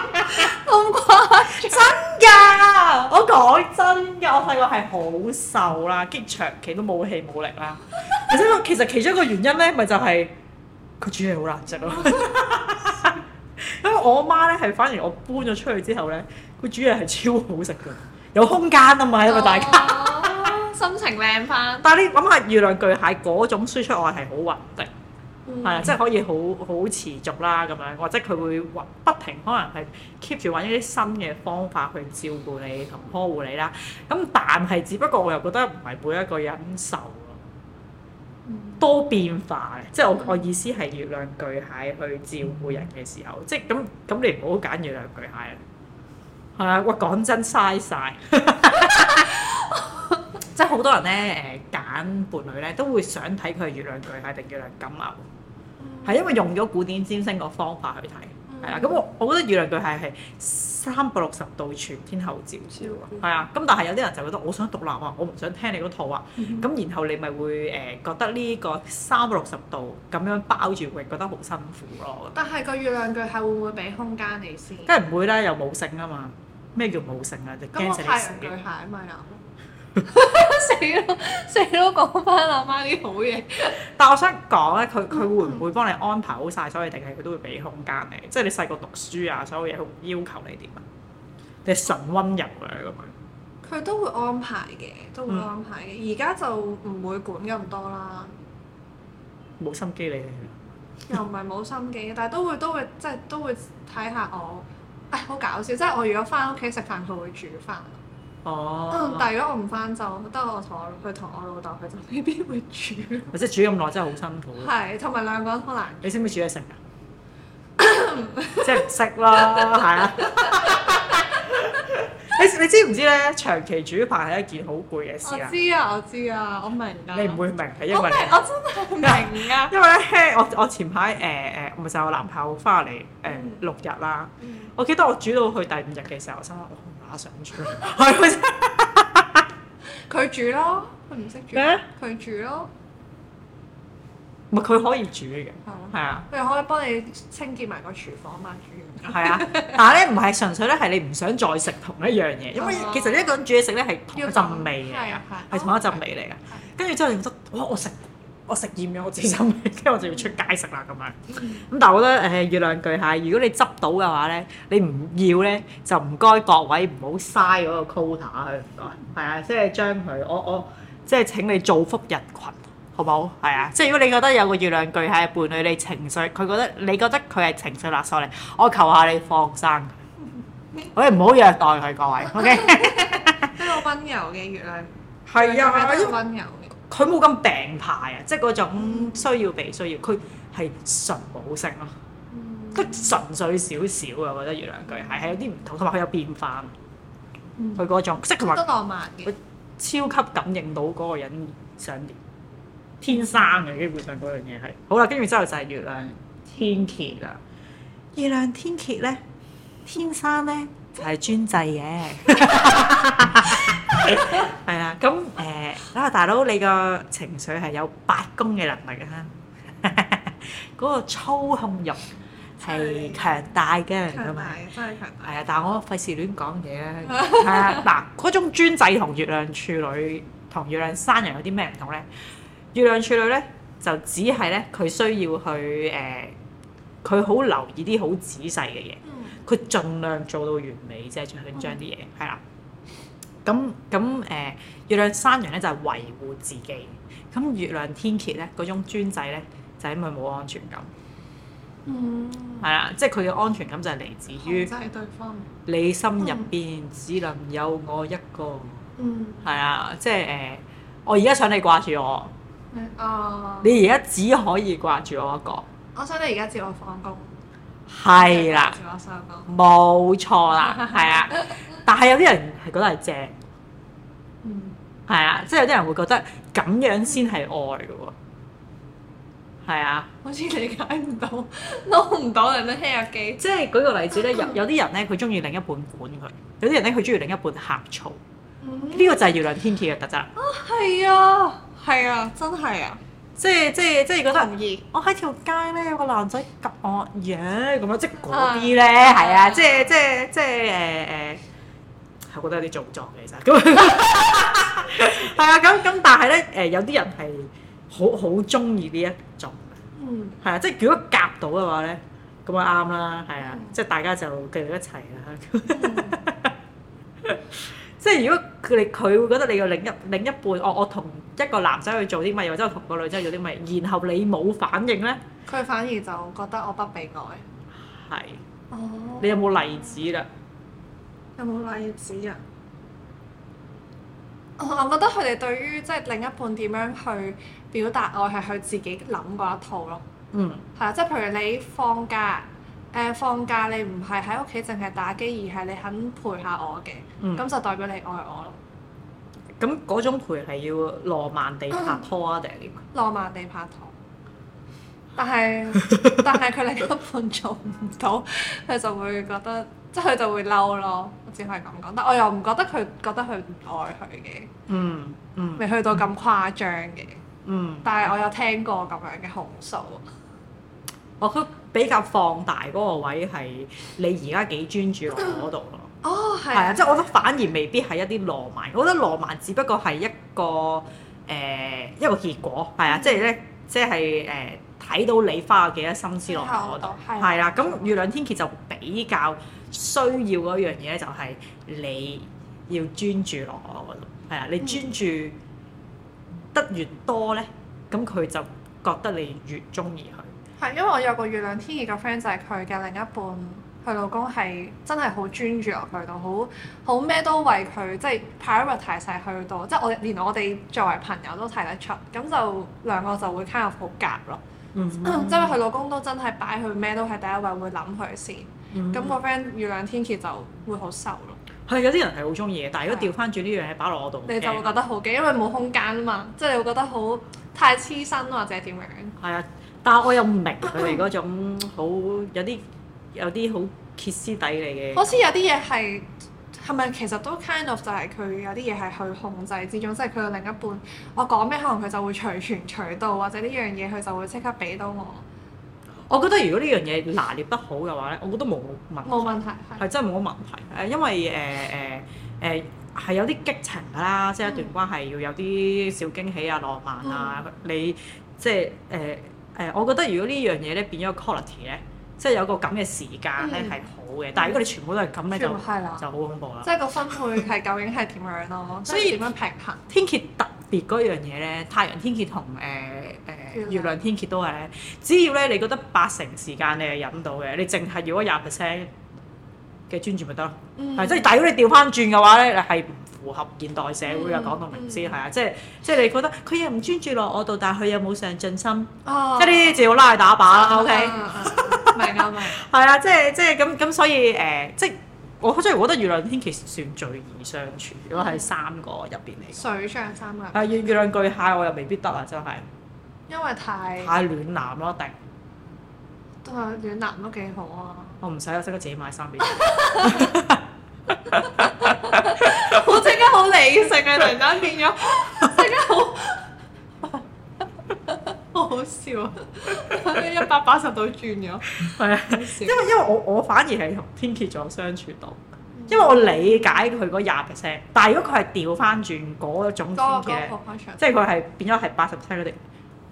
咁誇張？ 真噶？我講真噶，我細個係好瘦啦，跟住長期都冇氣冇力啦。 其實其中一個原因咧，咪就係、是、佢煮嘢好難食咯。 因為我媽咧係反而我搬咗出去之後咧，佢煮嘢係超好食嘅，有空間啊嘛，因為大家。心情靚翻，但係你諗下，月亮巨蟹嗰種輸出愛係好穩定，係啊、嗯，即係可以好好持續啦咁樣，或者佢會不停，可能係 keep 住揾一啲新嘅方法去照顧你同呵護你啦。咁但係只不過我又覺得唔係每一個人受咯，嗯、多變化。嗯、即係我我意思係月亮巨蟹去照顧人嘅時候，嗯、即係咁咁，你唔好揀月亮巨蟹啊，係啊，喂，講真嘥晒。 即係好多人咧誒揀伴侶咧，都會想睇佢係月亮巨蟹定月亮金牛？係、嗯、因為用咗古典占星嗰方法去睇，係啊、嗯。咁、嗯嗯、我我覺得月亮巨蟹係三百六十度全天候照照啊。係啊。咁但係有啲人就覺得我想獨立啊，我唔想聽你嗰套啊。咁、嗯、然後你咪會誒覺得呢個三百六十度咁樣包住佢，覺得好辛苦咯。但係個月亮巨蟹會唔會俾空間你先？梗係唔會啦，又冇性啊嘛。咩叫冇性啊？就驚死你啊嘛 死咯！死咯！講翻阿媽啲好嘢。但係我想講咧，佢佢會唔會幫你安排好晒？所以定係佢都會俾空間你？即係你細個讀書啊，所有嘢佢要求你點啊？你係純温柔啊咁樣？佢都會安排嘅，都會安排嘅。而家、嗯、就唔會管咁多啦。冇心機你？ 又唔係冇心機，但係都會都會即係都會睇下我。唉、哎，好搞笑！即係我如果翻屋企食飯，佢會煮飯。哦，但如果我唔翻就，得我同我佢同我老豆佢就未必會煮，或者煮咁耐真係好辛苦，啊。係，同埋兩個人好難。你識唔識煮嘢食啊？即係唔識咯，係啊！你你知唔知咧？長期煮飯係一件好攰嘅事啊！知啊，我知啊，我明㗎。你唔會明啊？因為你我明，我真係明啊！ 因為咧，我前、呃、我前排誒誒，咪就係我男朋友翻嚟誒六日啦。嗯、我記得我煮到去第五日嘅時候，我心諗。打佢 煮咯，佢唔識煮，佢咩煮咯，唔係佢可以煮嘅，係、嗯、啊，佢可以幫你清潔埋個廚房啊嘛，主要係啊， 但係咧唔係純粹咧，係你唔想再食同一樣嘢， 因為其實你一個人煮嘢食咧係一陣味嘅，係同一陣味嚟㗎，跟住之後你覺得、哦、我食。我食厭咗，我自身，跟住我就要出街食啦咁樣。咁但係我覺得誒月亮巨蟹，如果你執到嘅話咧，你唔要咧就唔該各位，唔好嘥嗰個 quota，佢唔該。係啊，即係將佢，我我即係請你造福人羣，好唔好？係啊，即係如果你覺得有個月亮巨蟹伴侶，你情緒佢覺得你覺得佢係情緒垃圾嚟，我求下你放生，我哋唔好虐待佢各位。OK，一個溫柔嘅月亮，係啊，係啊，溫柔。佢冇咁病態啊，即係嗰種需要被需要，佢係純保性咯，佢、嗯、純粹少少啊，我覺得月亮巨蟹係有啲唔同，同埋佢有變化，佢嗰、嗯、種即都浪漫嘅，佢超級感應到嗰個人想點，天生嘅基本上嗰樣嘢係好啦。跟住之後就係月亮天蠍啦，月亮天蠍咧天生咧係、就係、專制嘅。 係、 哎、啊，咁誒、嗯、啊，大佬你個情緒係有八公嘅能力啊，嗰、那個操控欲係強大嘅，係啊，但係我費事亂講嘢 啊，嗱，嗰種專制同月亮處女同月亮山羊有啲咩唔同咧？月亮處女咧就只係咧佢需要去誒，佢、呃、好留意啲好仔細嘅嘢，佢、嗯、盡量做到完美即啫，就是、最緊張啲嘢係啦。嗯。咁咁誒，月亮山羊咧就係、是、維護自己。咁月亮天蠍咧嗰種專制咧，就是、因為冇安全感。嗯，係啦，即係佢嘅安全感就係嚟自於，就係對方。你心入邊只能有我一個。嗯，係、嗯、啊，即係誒、呃，我而家想你掛住我、嗯。哦，你而家只可以掛住我一個。我想你而家接我放工。係啦的，接我收工。冇錯啦，係啊。 但係有啲人係覺得係正，係啊，即係有啲人會覺得咁樣先係愛嘅喎，係啊，好似理解唔到，撈唔到你嘅聽日記。即係舉個例子咧，有有啲人咧佢中意另一半管佢，有啲人咧佢中意另一半呷醋。呢個就係月亮天蠍嘅特質。哦，係啊，係啊，真係啊，即係即係即係覺得我喺條街咧有個男仔及我嘢咁啊，即係嗰啲咧係啊，即係即係即係誒誒。我覺得有啲做作嘅其實，咁係啊，咁咁但係咧，誒有啲人係好好中意呢一種嘅，嗯，係啊，即係如果夾到嘅話咧，咁啊啱啦，係啊，即係大家就繼續一齊啦，即係如果佢哋佢會覺得你嘅另一另一半，我我同一個男仔去做啲乜，又或者我同個女仔做啲乜，然後你冇反應咧，佢反而就覺得我不被愛，係，哦，你有冇例子啦？有冇例子啊？ 我覺得佢哋對於即係、就是、另一半點樣去表達愛係佢自己諗嗰一套咯。嗯，係啊，即係譬如你放假，誒、呃、放假你唔係喺屋企淨係打機，而係你肯陪下我嘅，咁、嗯、就代表你愛我咯。咁嗰種陪係要浪漫地拍拖啊定係點？浪漫、嗯、地拍拖，但係 但係佢哋嗰另一半做唔到，佢 就會覺得。即係佢就會嬲咯，只可以咁講。但我又唔覺得佢覺得佢唔愛佢嘅，嗯嗯，未去到咁誇張嘅，嗯。但係我有聽過咁樣嘅控訴。我覺得比較放大嗰個位係你而家幾專注落嗰度咯。哦，係啊，即係我覺得反而未必係一啲羅曼。我覺得羅曼只不過係一個誒一個結果，係啊，即係咧，即係誒睇到你花咗幾多心思落嗰度，係啊。咁月亮天蠍就比較。需要嗰樣嘢就係你要專注落我嗰度，係啊，你專注得越多咧，咁佢就覺得你越中意佢。係、嗯、因為我有個月亮天蠍個 friend 就係佢嘅另一半，佢老公係真係好專注落去，到好好咩都為佢，即係 prioritise 去到，即係我連我哋作為朋友都睇得出，咁就兩個就會 care 好夾咯。嗯，即係佢老公都真係擺佢咩都係第一位，會諗佢先。咁、mm hmm。個 friend 月亮天蠍就會好瘦咯。係有啲人係好中意嘅，但係如果調翻轉呢樣嘢擺落我度，你就會覺得好驚，因為冇空間啊嘛，即係你會覺得好太黐身或者點樣。係啊，但係我又唔明佢哋嗰種好有啲有啲好歇斯底里嘅。好似有啲嘢係係咪其實都 kind of 就係佢有啲嘢係去控制之中，即係佢嘅另一半，我講咩可能佢就會隨傳隨到，或者呢樣嘢佢就會即刻俾到我。我覺得如果呢樣嘢拿捏得好嘅話咧，我覺得冇問題，係真冇乜問題。誒，因為誒誒誒係有啲激情㗎啦，即係一段關係要有啲小驚喜啊、浪漫啊。嗯、你即係誒誒，我覺得如果呢樣嘢咧變咗個 quality 咧，即係有個咁嘅時間咧係、嗯、好嘅。但係如果你全部都係咁咧，就就好恐怖啦。即係個分配係究竟係點樣咯？所以點樣平衡？天蠍特別嗰樣嘢咧，太陽天蠍同誒。呃月亮天蠍都係，只要咧你覺得八成時間你係忍到嘅，你淨係要一廿 percent 嘅專注咪得咯？係即係，但如果你調翻轉嘅話咧，係唔符合現代社會啊，講到明先係啊，即係即係你覺得佢又唔專注落我度，但係佢又冇上進心，哦、即係呢啲就要拉去打靶啦。OK，明啊明，係啊， 即係即係咁咁，所以誒、呃，即係我真係覺得月亮天蠍算最易相處，如果係三個入邊嚟，水上三啊，月月亮巨蟹我又未必得啊，真係。因為太太暖男咯，定都係暖男都幾好啊！我唔使啊，即刻自己買衫俾。我即刻好理性啊，突然間變咗，即刻好好好笑啊！一百八十度轉咗，係啊，因為因為我我反而係同天蠍座相處到，因為我理解佢嗰廿 percent，但係如果佢係掉翻轉嗰種嘅，即係佢係變咗係八十 percent 嗰啲。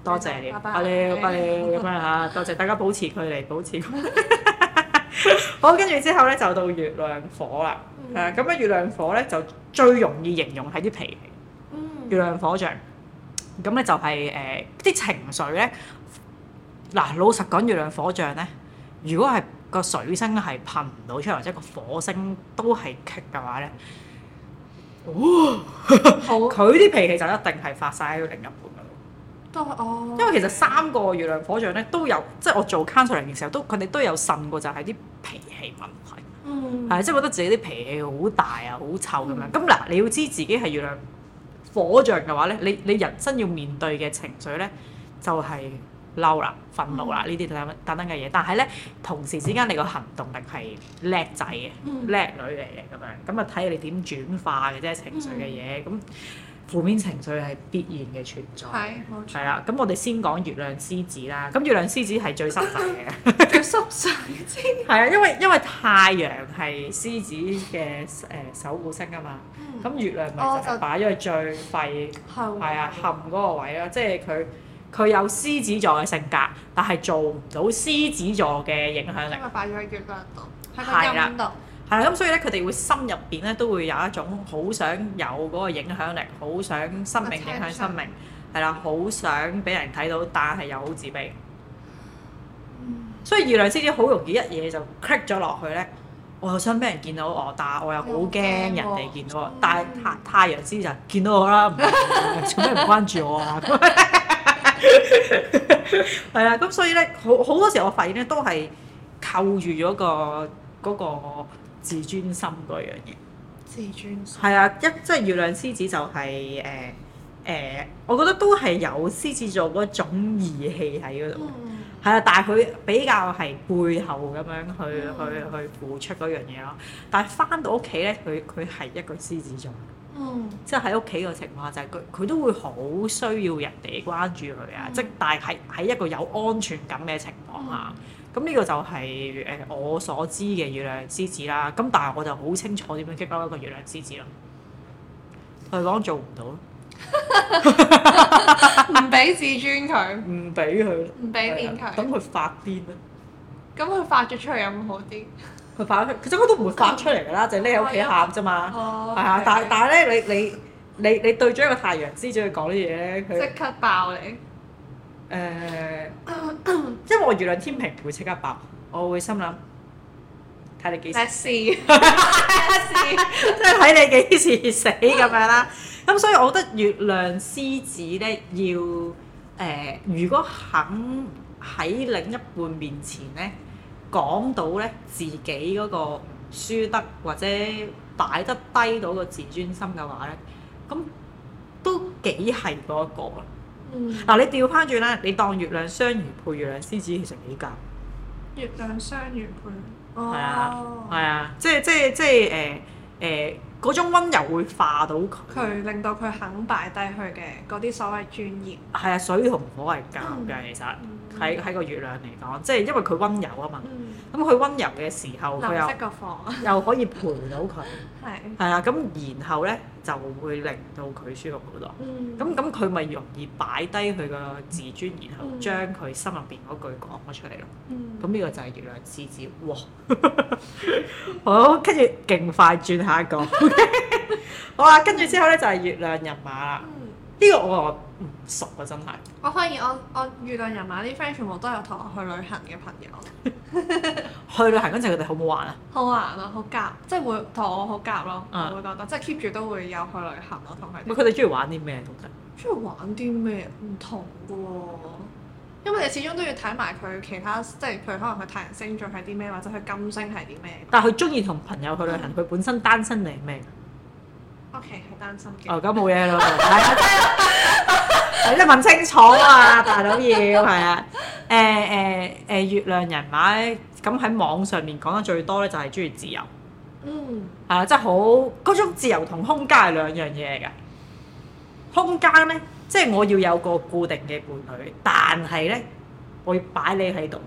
多謝你，拜了爸，拜了、啊，咁樣嚇，多謝大家保持距離， 保持 好。跟住之後咧，就到月亮火啦。咁、嗯、啊，月亮火咧就最容易形容係啲脾氣、嗯月就是呃。月亮火象，咁咧就係誒啲情緒咧。嗱，老實講，月亮火象咧，如果係個水星係噴唔到出嚟，或者個火星都係棘嘅話咧，佢啲脾氣就一定係發晒喺度另一。哦、因為其實三個月亮火象咧都有，即係我做 counseling 嘅時候都，佢哋都有呻過就係啲脾氣問題，係啊、嗯，即係覺得自己啲脾氣好大啊，好臭咁樣。咁嗱、嗯，你要知自己係月亮火象嘅話咧，你你人生要面對嘅情緒咧就係嬲啦、憤怒啦呢啲等等嘅嘢。但係咧同時之間，你個行動力係叻仔嘅、叻、嗯、女嚟嘅咁樣，咁啊睇下你點轉化嘅啫情緒嘅嘢咁。嗯嗯負面情緒係必然嘅存在，係冇錯。係啦，咁我哋先講月亮獅子啦。咁月亮獅子係最濕肺嘅，濕肺先啊，因為因為太陽係獅子嘅誒、呃、守護星啊嘛。咁月亮咪就擺咗喺最肺係啊陷嗰個位咯，即係佢佢有獅子座嘅性格，但係做唔到獅子座嘅影響力。因為擺咗喺月亮度，喺個陰度。係啦，咁所以咧，佢哋會心入邊咧，都會有一種好想有嗰個影響力，好想生命影響生命，係啦，好想俾人睇到，但係又好自卑。嗯、所以月亮獅子好容易一嘢就 click 咗落去咧。我又想俾人見到我，但係我又好驚、哦、人哋見到我。但係太陽獅就是見到我啦，做咩唔關注我啊？係啦， 咁所以咧，好好多時候，我發現咧，都係扣住咗個嗰個。那個自尊心嗰樣嘢，自尊心，係啊，一即係、就是、月亮獅子就係誒誒，我覺得都係有獅子座嗰種義氣喺嗰度，係、嗯、啊，但係佢比較係背後咁樣去、嗯、去去，去付出嗰樣嘢咯。但係翻到屋企咧，佢佢係一個獅子座，嗯，即係喺屋企嘅情況下就係佢佢都會好需要人哋關注佢啊。即係、嗯、但係喺喺一個有安全感嘅情況下。嗯咁呢、嗯呢個就係誒我所知嘅月亮獅子啦，咁但係我就好清楚點樣激嬲一個月亮獅子咯，同佢講做唔到咯， 唔俾自尊佢，唔俾佢，唔俾面佢，等佢發癲啦，咁佢發咗出去有冇好啲？佢發咗出，佢應該都唔會發出嚟噶啦，嗯、就匿喺屋企喊啫嘛，係對對啊，的的但係但係咧，你你你你，你對咗一個太陽獅子去講啲嘢，佢即刻爆你。誒，即係、呃、我月亮天秤唔會即刻爆，我會心諗睇你幾時。Let's see 即係睇你幾時死咁 's 樣啦。咁 所以我覺得月亮獅子咧，要誒、呃，如果肯喺另一半面前咧講到咧自己嗰個輸得或者擺得低到個自尊心嘅話咧，咁都幾係嗰一個嗱、嗯啊，你調翻轉啦。你當月亮雙魚配月亮獅子，其實幾夾。月亮雙魚配，係啊、哦，係啊，即係即係即係誒誒，嗰、呃呃、種温柔會化到佢，令到佢肯擺低佢嘅嗰啲所謂尊嚴。係啊，水同火係夾嘅，其實。嗯嗯喺喺個月亮嚟講，即係因為佢溫柔啊嘛。咁佢溫柔嘅時候，佢又 又可以陪到佢。係是。係啊，咁然後咧就會令到佢舒服好多。咁咁佢咪容易擺低佢個自尊，然後將佢心入邊嗰句講咗出嚟咯。咁呢、嗯、個就係月亮獅子。哇！ 好，跟住勁快轉下一個。 好啊，跟住之後咧就係、是、月亮人馬啦。呢、嗯、個我。唔熟啊，真係！我發現，我我遇到人馬啲 friend 全部都有同我去旅行嘅朋友。 去旅行嗰陣，佢哋好唔好玩啊？好玩啊，好夾，即係會同我好夾咯，嗯、會覺得即係 keep 住都會有去旅行咯，同佢。唔係，佢哋中意玩啲咩同埋？中意玩啲咩唔同嘅喎，因為你始終都要睇埋佢其他，即係譬如可能去太陽星座係啲咩，或者去金星係啲咩。但係佢中意同朋友去旅行，佢、嗯、本身單身嚟咩？O K，好擔心嘅。哦，咁冇嘢咯，係啊，即係問清楚啊，大佬要係啊，誒誒誒，月亮人馬，咁喺網上面講得最多咧，就係中意自由，嗯，係啊，即係好嗰種自由同空間係兩樣嘢嚟㗎。空間咧，即係我要有個固定嘅伴侶，但係咧，我要擺你喺度，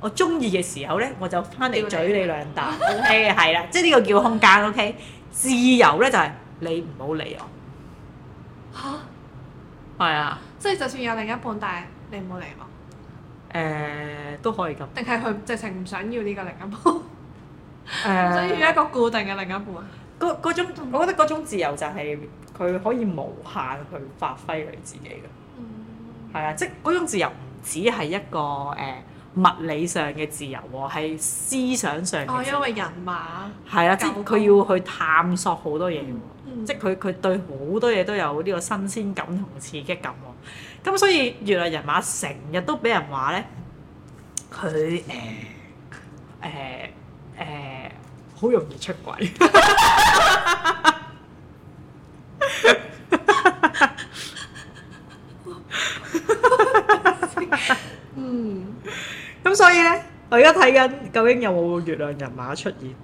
我中意嘅時候咧，我就翻嚟嘴你兩啖，O K，係啦，即係呢個叫空間，O K，自由咧就係。你唔好理我。吓蛤？係啊，即係就算有另一半，但係你唔好理我。誒、呃，都可以咁。定係佢直情唔想要呢個另一半。誒、呃，唔想 要一個固定嘅另一半。嗰、呃、我覺得嗰種自由就係佢可以無限去發揮佢自己嘅。嗯。係啊，即係嗰種自由唔只係一個誒。呃物理上嘅自由喎，係思想上。哦，因為人馬。係啊，即係佢要去探索好多嘢、嗯嗯、即係佢佢對好多嘢都有呢個新鮮感同刺激感喎。咁所以，原來人馬成日都俾人話咧，佢誒誒誒，好、呃呃呃、容易出軌。嗯。咁所以咧，我而家睇緊究竟有冇月亮人馬出現？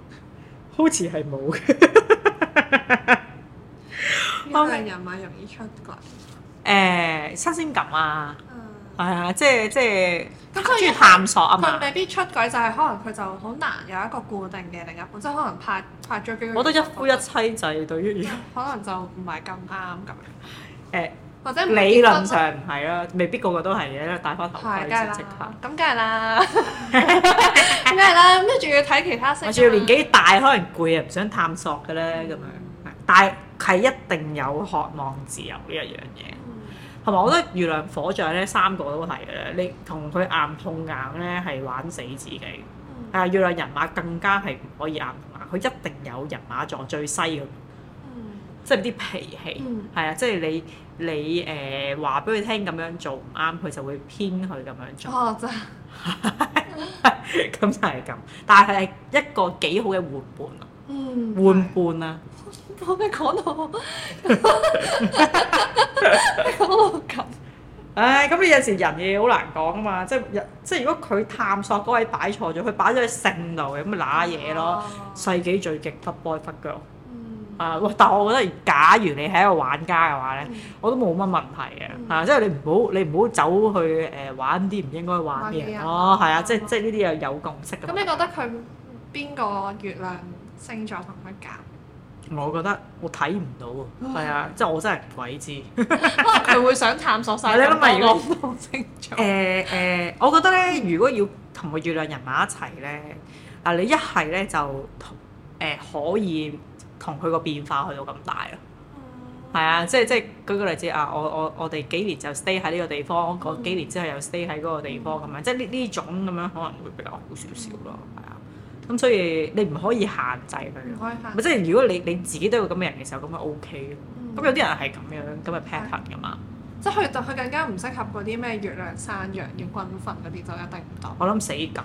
好似係冇嘅。月亮人馬容易出軌。誒，新鮮感啊，係、嗯、啊，即係即係。咁佢要探索啊嘛。佢未必出軌，就係可能佢就好難有一個固定嘅另一半，即係可能拍拍咗幾個。覺得一夫一妻制對於可能就唔係咁啱咁樣。誒、嗯。呃或者理論上唔係咯，未必個個都係嘅，因為戴翻頭盔識識下，咁梗係啦，咩啦，咁你仲要睇其他先，仲要年紀大，可能攰啊，唔想探索嘅咧咁樣。但係佢一定有渴望自由呢一樣嘢，同埋、嗯、我覺得月亮火象咧，三個都係嘅。你同佢硬碰硬咧，係玩死自己。但係月亮人馬更加係唔可以硬碰硬，佢一定有人馬座最犀嘅，嗯、即係啲脾氣，係啊、嗯，即係、就係、你。你誒話俾佢聽咁樣做唔啱，佢就會偏佢咁樣做。哦，真係咁 就係咁，但係一個幾好嘅玩伴、嗯、啊，玩伴啊。我你講到我講到咁，唉，咁你有時人嘢好難講啊嘛，即係即係如果佢探索嗰位擺錯咗，佢擺咗喺性度嘅，咁咪乸嘢咯。哦、世紀最極不掰不腳。啊！但係我覺得，假如你係一個玩家嘅話咧，我都冇乜問題嘅嚇。即係你唔好，你唔好走去誒玩啲唔應該玩嘅哦。係啊，即係即係呢啲又有共識嘅。咁你覺得佢邊個月亮星座同佢夾？我覺得我睇唔到，係啊，即係我真係鬼知。佢會想探索曬。你諗埋如果星座。誒誒，我覺得咧，如果要同個月亮人馬一齊咧，啊你一係咧就誒可以。同佢個變化去到咁大啊，係啊，即係即係舉個例子啊，我我我哋幾年就 stay 喺呢個地方，過幾年之後又 stay 喺嗰個地方咁樣，即係呢呢種咁樣可能會比較好少少咯，係啊。咁所以你唔可以限制佢，即係如果你你自己都有咁嘅人嘅時候，咁咪 OK 咯。咁有啲人係咁樣咁咪 pattern 㗎嘛，即係佢就佢更加唔適合嗰啲咩月亮山羊要軍訓嗰啲就一定唔得。我諗死梗，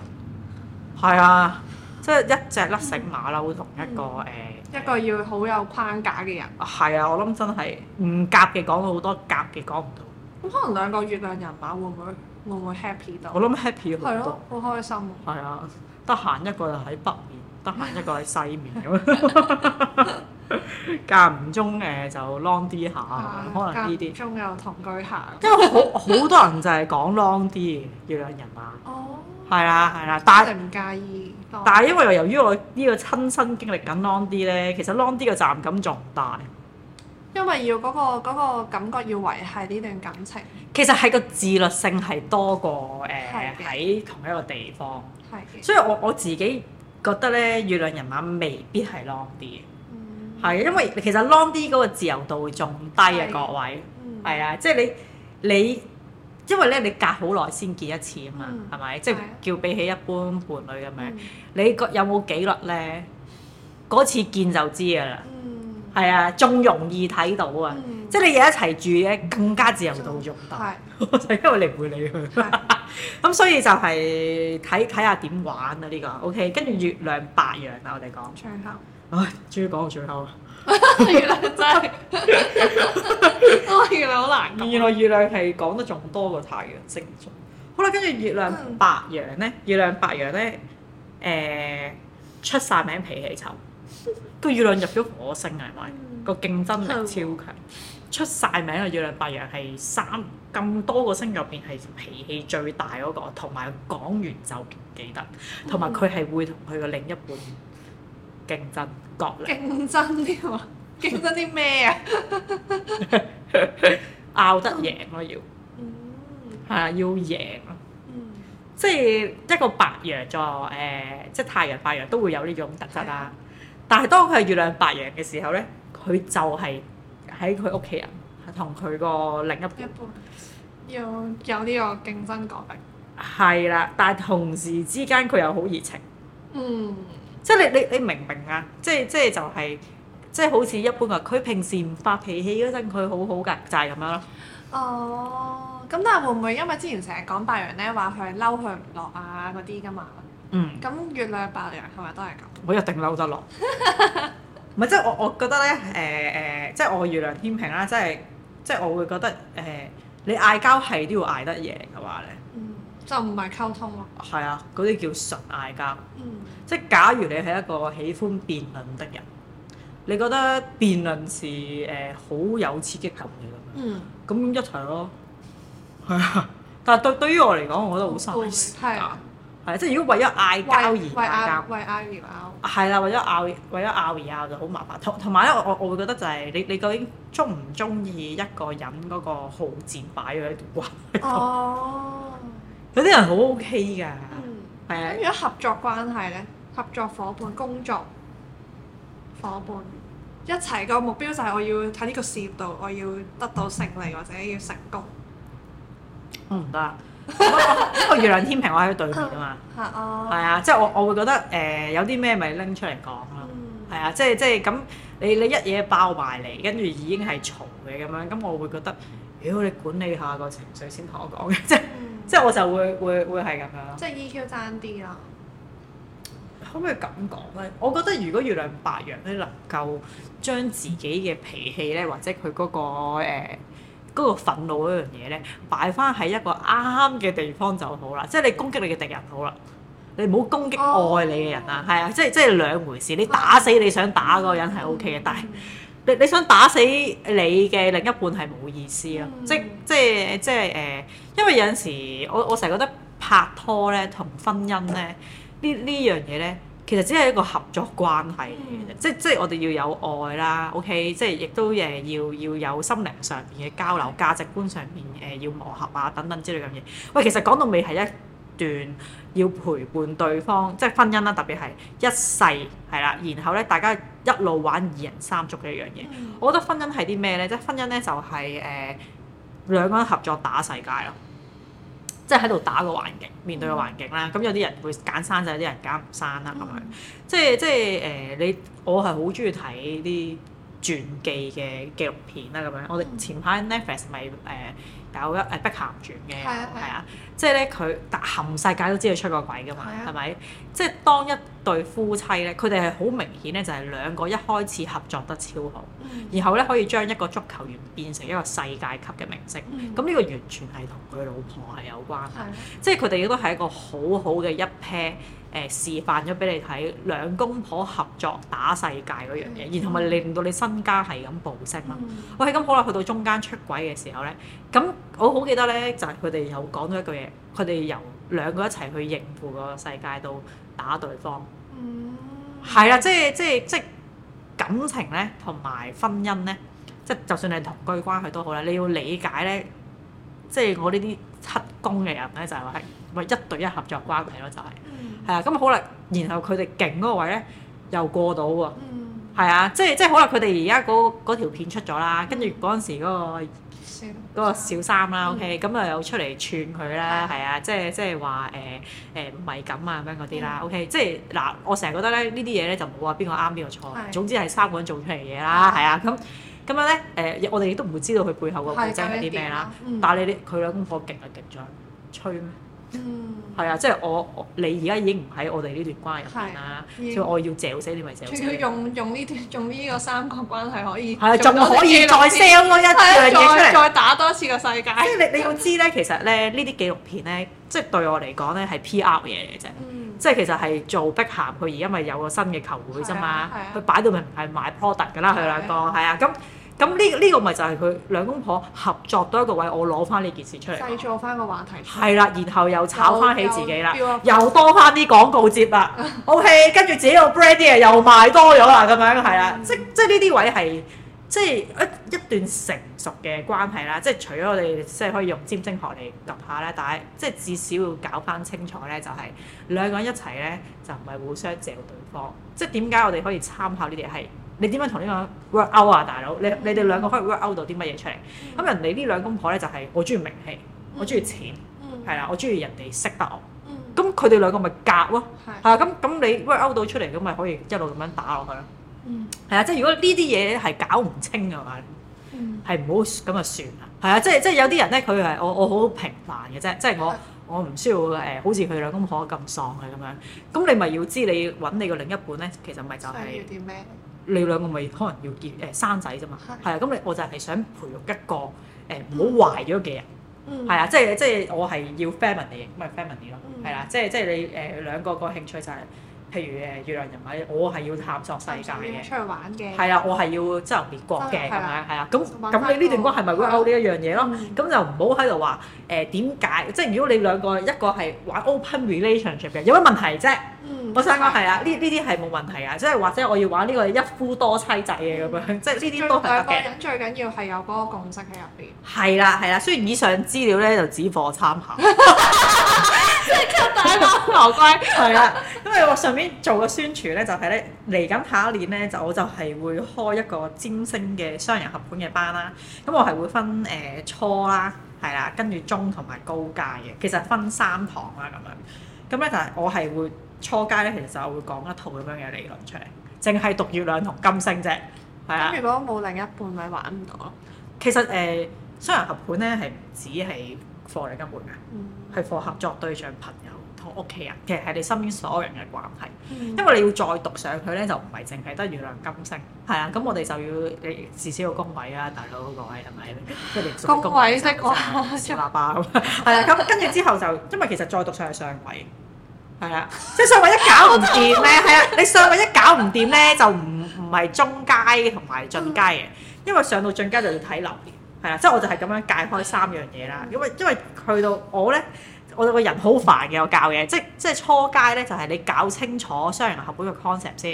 係啊，即係一隻甩繩馬騮同一個誒。一個要好有框架嘅人，係啊！我諗真係唔夾嘅講到好多，夾嘅講唔到。咁可能兩個月亮人馬，會唔會會唔會 happy 多？我諗 happy，係咯，好開心啊！係啊，得閒一個就喺北面，得閒一個喺西面咁。間唔中誒就 long 啲下，可能呢啲仲有同居下，因為好好多人就係講 long 啲月亮人馬啊！哦，係啊，係啦，但係唔介意。但係因為由於我呢個親身經歷緊 long 啲咧，其實 long 啲個站感仲大。因為要嗰、那個那個感覺要維係呢段感情。其實係個自律性係多過誒喺、呃、的同一個地方。係的所以我我自己覺得咧，月亮人馬未必係 long 啲嘅。嗯。係因為其實 long 啲嗰個自由度仲低啊，的各位。嗯。係啊，即係你你。你你因為咧，你隔好耐先見一次啊嘛，係咪、嗯？即係叫比起一般伴侶咁樣，嗯、你個有冇紀律咧？嗰次見就知啊啦，係、嗯、啊，仲容易睇到啊！嗯、即係你又一齊住咧，更加自由度仲大。就、嗯嗯嗯、因為你唔會理佢、 嗯，咁 所以就係睇睇下點玩啊、呢個？呢個 OK，跟住月亮白羊啊，我哋講最後。唉，終於講到最後。原來 亮真係，哇！原來好難。原來月亮係講得仲多過太陽星座。好啦，跟住月亮白羊咧，月亮白羊咧，誒、呃，出晒名脾氣臭。個月亮入咗火星係咪？個競、嗯、爭力超強，嗯、出晒名嘅月亮白羊係三咁多個星入邊係脾氣最大嗰、那個，同埋講完就記得，同埋佢係會同佢嘅另一半。競爭角力，競爭啲競 爭啲咩啊？拗得贏咯，要係啊，要贏，嗯、即係一個白羊座，誒、呃，即係太陽白羊都會有呢種特質啦。的但係當佢係月亮白羊嘅時候咧，佢就係喺佢屋企人同佢個另一半，要有呢個競爭角力，係啦。但係同時之間佢又好熱情，嗯。即係你你你明唔明啊？即係即係就係、是、即係好似一般啊，佢平時唔發脾氣嗰陣，佢好好㗎，就係、是、咁樣咯。哦，咁但係會唔會因為之前成日講白羊咧，話佢嬲佢唔落啊嗰啲㗎嘛？嗯。咁月亮白羊係咪都係咁？我一定嬲得落。唔係 即係我我覺得咧誒誒，即係我月亮天平啦，即係即係我會覺得誒、呃，你嗌交係都要嗌得贏嘅話咧。就唔係溝通咯，係啊，嗰啲叫純嗌交。嗯，即係假如你係一個喜歡辯論的人，你覺得辯論是誒好、呃、有刺激感嘅咁樣，嗯，咁一齊咯，係 啊。但係對對於我嚟講，我覺得好嘥時間，係啊，即係如果為咗嗌交而嗌交，係啦，為咗拗為咗拗而拗就好麻煩。同同埋咧，我我會覺得就係你你究竟中唔中意一個人嗰個好字擺喺度掛喺度？哦。有啲人好 OK 㗎，係啊、嗯。咁如果合作關係咧，合作伙伴、工作伙伴一齊，個目標就係我要喺呢個事業度我要得到勝利或者要成功。我唔得， 因為月亮天秤我喺對面啊嘛。係啊。即係我我會覺得誒有啲咩咪拎出嚟講咯。係啊，即係即係咁你你一嘢包埋嚟，跟住已經係嘈嘅咁樣，咁我會覺得。呃屌，你、哎、管理下個情緒先同我講嘅，即 即我就會會會係咁樣咯。 啊、即 EQ 爭啲啦，可唔可以咁講咧？我覺得如果月亮白羊咧能夠將自己嘅脾氣咧，或者佢嗰、嗰個誒嗰、呃嗰個憤怒嗰樣嘢咧，擺翻喺一個啱嘅地方就好啦。即你攻擊你嘅敵人好啦，你唔好攻擊愛你嘅人啊。係、oh, okay. 啊，即即兩回事。你打死你想打嗰個人係、oh, OK 嘅，但係。你你想打死你嘅另一半係冇意思咯、嗯，即即即係誒，因為有陣時我我成日覺得拍拖咧同婚姻咧呢呢樣嘢咧，其實只係一個合作關係嘅啫、嗯，即即我哋要有愛啦，OK，即係亦都誒要要有心靈上面嘅交流，價值觀上面誒、呃、要磨合啊等等之類咁嘢。喂，其實講到尾係一段要陪伴對方，即係婚姻啦、啊，特別係一世係啦。然後咧，大家一路玩二人三足嘅一樣嘢。嗯、我覺得婚姻係啲咩咧？即係婚姻咧就係誒兩個人合作打世界咯，即係喺度打個環境，面對個環境啦。咁、嗯、有啲人會揀生仔，有啲人揀唔生啦。咁樣、嗯、即係即係誒你我係好中意睇啲傳記嘅紀錄片啦。咁樣我哋前排 Netflix 咪誒。嗯嗯有一誒《碧鹹傳》嘅，係啊，即係咧佢，但係冚世界都知道出過軌噶嘛，係咪，啊？即係、就是、當一對夫妻咧，佢哋係好明顯咧，就係兩個一開始合作得超好，嗯、然後咧可以將一個足球員變成一個世界級嘅明星，咁呢、嗯、個完全係同佢老婆係有關，即係佢哋亦都係一個好好嘅一 pair。誒、呃、示範咗俾你睇，兩公婆合作打世界嗰樣嘢，然後咪令到你身家係咁暴升啦。嗯、喂，咁好啦，去到中間出軌嘅時候咧，咁我好記得咧，就係佢哋有講到一句嘢，佢哋由兩個一齊去應付個世界到打對方。嗯，係啦，即係即係即係感情咧，同埋婚姻咧，即係就算你同居關係都好啦，你要理解咧，即係我呢啲七公嘅人咧，就係話係咪一對一合作關係咯，就係。係啊，咁好啦，nenhum bunları 然後佢哋勁嗰個位咧，又過到喎，係啊、嗯，即係即係好啦，佢哋而家嗰條片出咗啦，跟住嗰陣時嗰個小三啦，OK，咁啊又出嚟串佢啦，係、呃呃、啊，即係即係話誒誒唔係咁啊咁樣嗰啲啦，OK，即係嗱，我成日覺得咧，呢啲嘢咧就冇話邊個啱邊個錯，嗯、總之係三個人做出嚟嘢啦，係啊，咁咁樣咧，誒我哋亦都唔會知道佢背後個背景係啲咩啦，但係你哋，佢兩個勁就勁咗吹咩？嗯，係啊，即係我，你而家已經唔喺我哋呢段關係入邊啦，所以我要嚼死你咪嚼死佢。仲要用用呢段，用呢個三角關係可以，係仲可以再 sell 多一樣嘢出嚟再打多次個世界。即係你你要知咧，其實咧呢啲紀錄片咧，即係對我嚟講咧係 PR 嘢嚟啫，即係其實係做碧咸佢而家咪有個新嘅球會啫嘛，佢擺到咪唔係賣 product 㗎啦，佢兩個係啊咁。咁呢、呢個呢個咪就係佢兩公婆合作多一個位，我攞翻呢件事出嚟製造翻個話題，係啦，然後又炒翻起自己啦，又，又多翻啲廣告接啦 ，OK，跟住自己個 brand 啲又賣多咗啦，咁樣係啦、嗯，即即呢啲位係即一一段成熟嘅關係啦，即係除咗我哋即係可以用尖晶石嚟及下咧，但係即係至少要搞翻清楚咧，就係、係、兩個人一齊咧就唔係互相借對方，即係點解我哋可以參考呢啲係？你點樣同呢個 work out 啊，大佬？你你哋兩個可以 work out 到啲乜嘢出嚟？咁、嗯、人哋呢兩公婆咧就係、是、我中意名氣，嗯、我中意錢，係啦、嗯，我中意人哋識得我。咁佢哋兩個咪夾咯，係啊，咁咁的你 work out 到出嚟咁咪可以一路咁樣打落去咯。係啊、嗯，即係如果呢啲嘢係搞唔清嘅話，係唔好咁啊算啦。係啊，即係即係有啲人咧，佢係我我好平凡嘅啫，即係我我唔需要誒、呃、好似佢兩公婆咁喪佢咁樣。咁你咪要知你揾你嘅另一半咧，其實咪就係要啲咩？你兩個咪可能要結誒生仔啫嘛，係啊的，咁你我就係想培育一個誒唔好壞咗嘅人，嗯，係啊，即係即係我係要 family 咁咪 family 咯、嗯，係啦，即係即係你誒、呃、兩個個興趣就係、是、譬如誒月亮人馬我係要探索世界嘅，出去玩嘅，係啊，我係要周遊列國嘅，咁咪啊？係啊，咁咁你呢段關係咪會勾呢一樣嘢咯？咁的就唔好喺度話誒點解？即係如果你兩個一個係玩 open relationship 嘅，有乜問題啫？嗯，我想講係啊，呢呢啲係冇問題啊，即係或者我要玩呢個一夫多妻制嘅咁樣，嗯、即係呢啲都係得嘅。最大人最緊要係有嗰個共識喺入邊。係啦係啦，雖然以上資料咧就只做參考。即係吸大膽牛鬼。係呵呵 啦，咁為我上邊做個宣傳咧，就係咧嚟緊下一年咧，就我就係會開一個占星嘅雙人合盤嘅班啦。咁我係會分誒、呃、初啦，係啦，跟住中同埋高階嘅，其實分三堂啦咁樣。咁咧就係我係會。初階咧其實就會講一套咁樣嘅理論出嚟，淨係讀月亮同金星啫，係啊。咁如果冇另一半咪玩唔到。其實誒、呃、雙人合盤咧係唔止係貨另一半嘅，係貨合作對象、朋友同屋企人，其實係你身邊所有人嘅關係。因為你要再讀上去咧就唔係淨係得月亮金星，係啊。咁我哋就要你至少要宮位啊，大佬嗰位係咪？是是你宮位識㗎，吹喇叭咁。係、就、啊、是，咁 跟住之後就因為其實再讀上去上位。係啊，即係上位一搞唔掂咧，係啊，你上位一搞唔掂咧，就唔唔係中階同埋進階嘅，因為上到進階就要睇流年，係啊，即係我就係咁樣解開三樣嘢啦，因為因為去到我咧，我哋個人好煩嘅，我教嘢，即係即係初階咧就係你搞清楚雙人合本嘅 concept 先，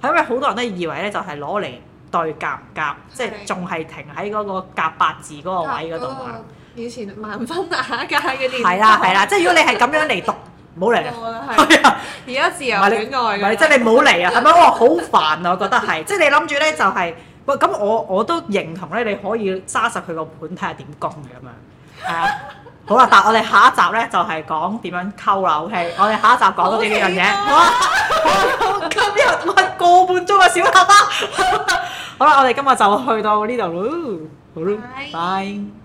係因為好多人都以為咧就係攞嚟對夾唔夾，即係仲係停喺嗰個夾八字嗰個位嗰度啊，以前萬分下階嘅電，係啦係啦，即係如果你係咁樣嚟讀。冇嚟啦，係啊！而家自由戀愛嘅，唔即係你唔好嚟啊，係咪？我好煩啊，我覺得係，即係 你諗住咧就係喂咁，我我都認同咧，你可以揸實佢個盤睇下點攻咁樣。係、呃、啊， 好啦，但係我哋下一集咧就係講點樣溝啦，OK？我哋下一集講另一樣嘢。啊、哇！今日我個半鐘啊，小喇叭。好啦，我哋今日就去到呢度咯。好拜拜。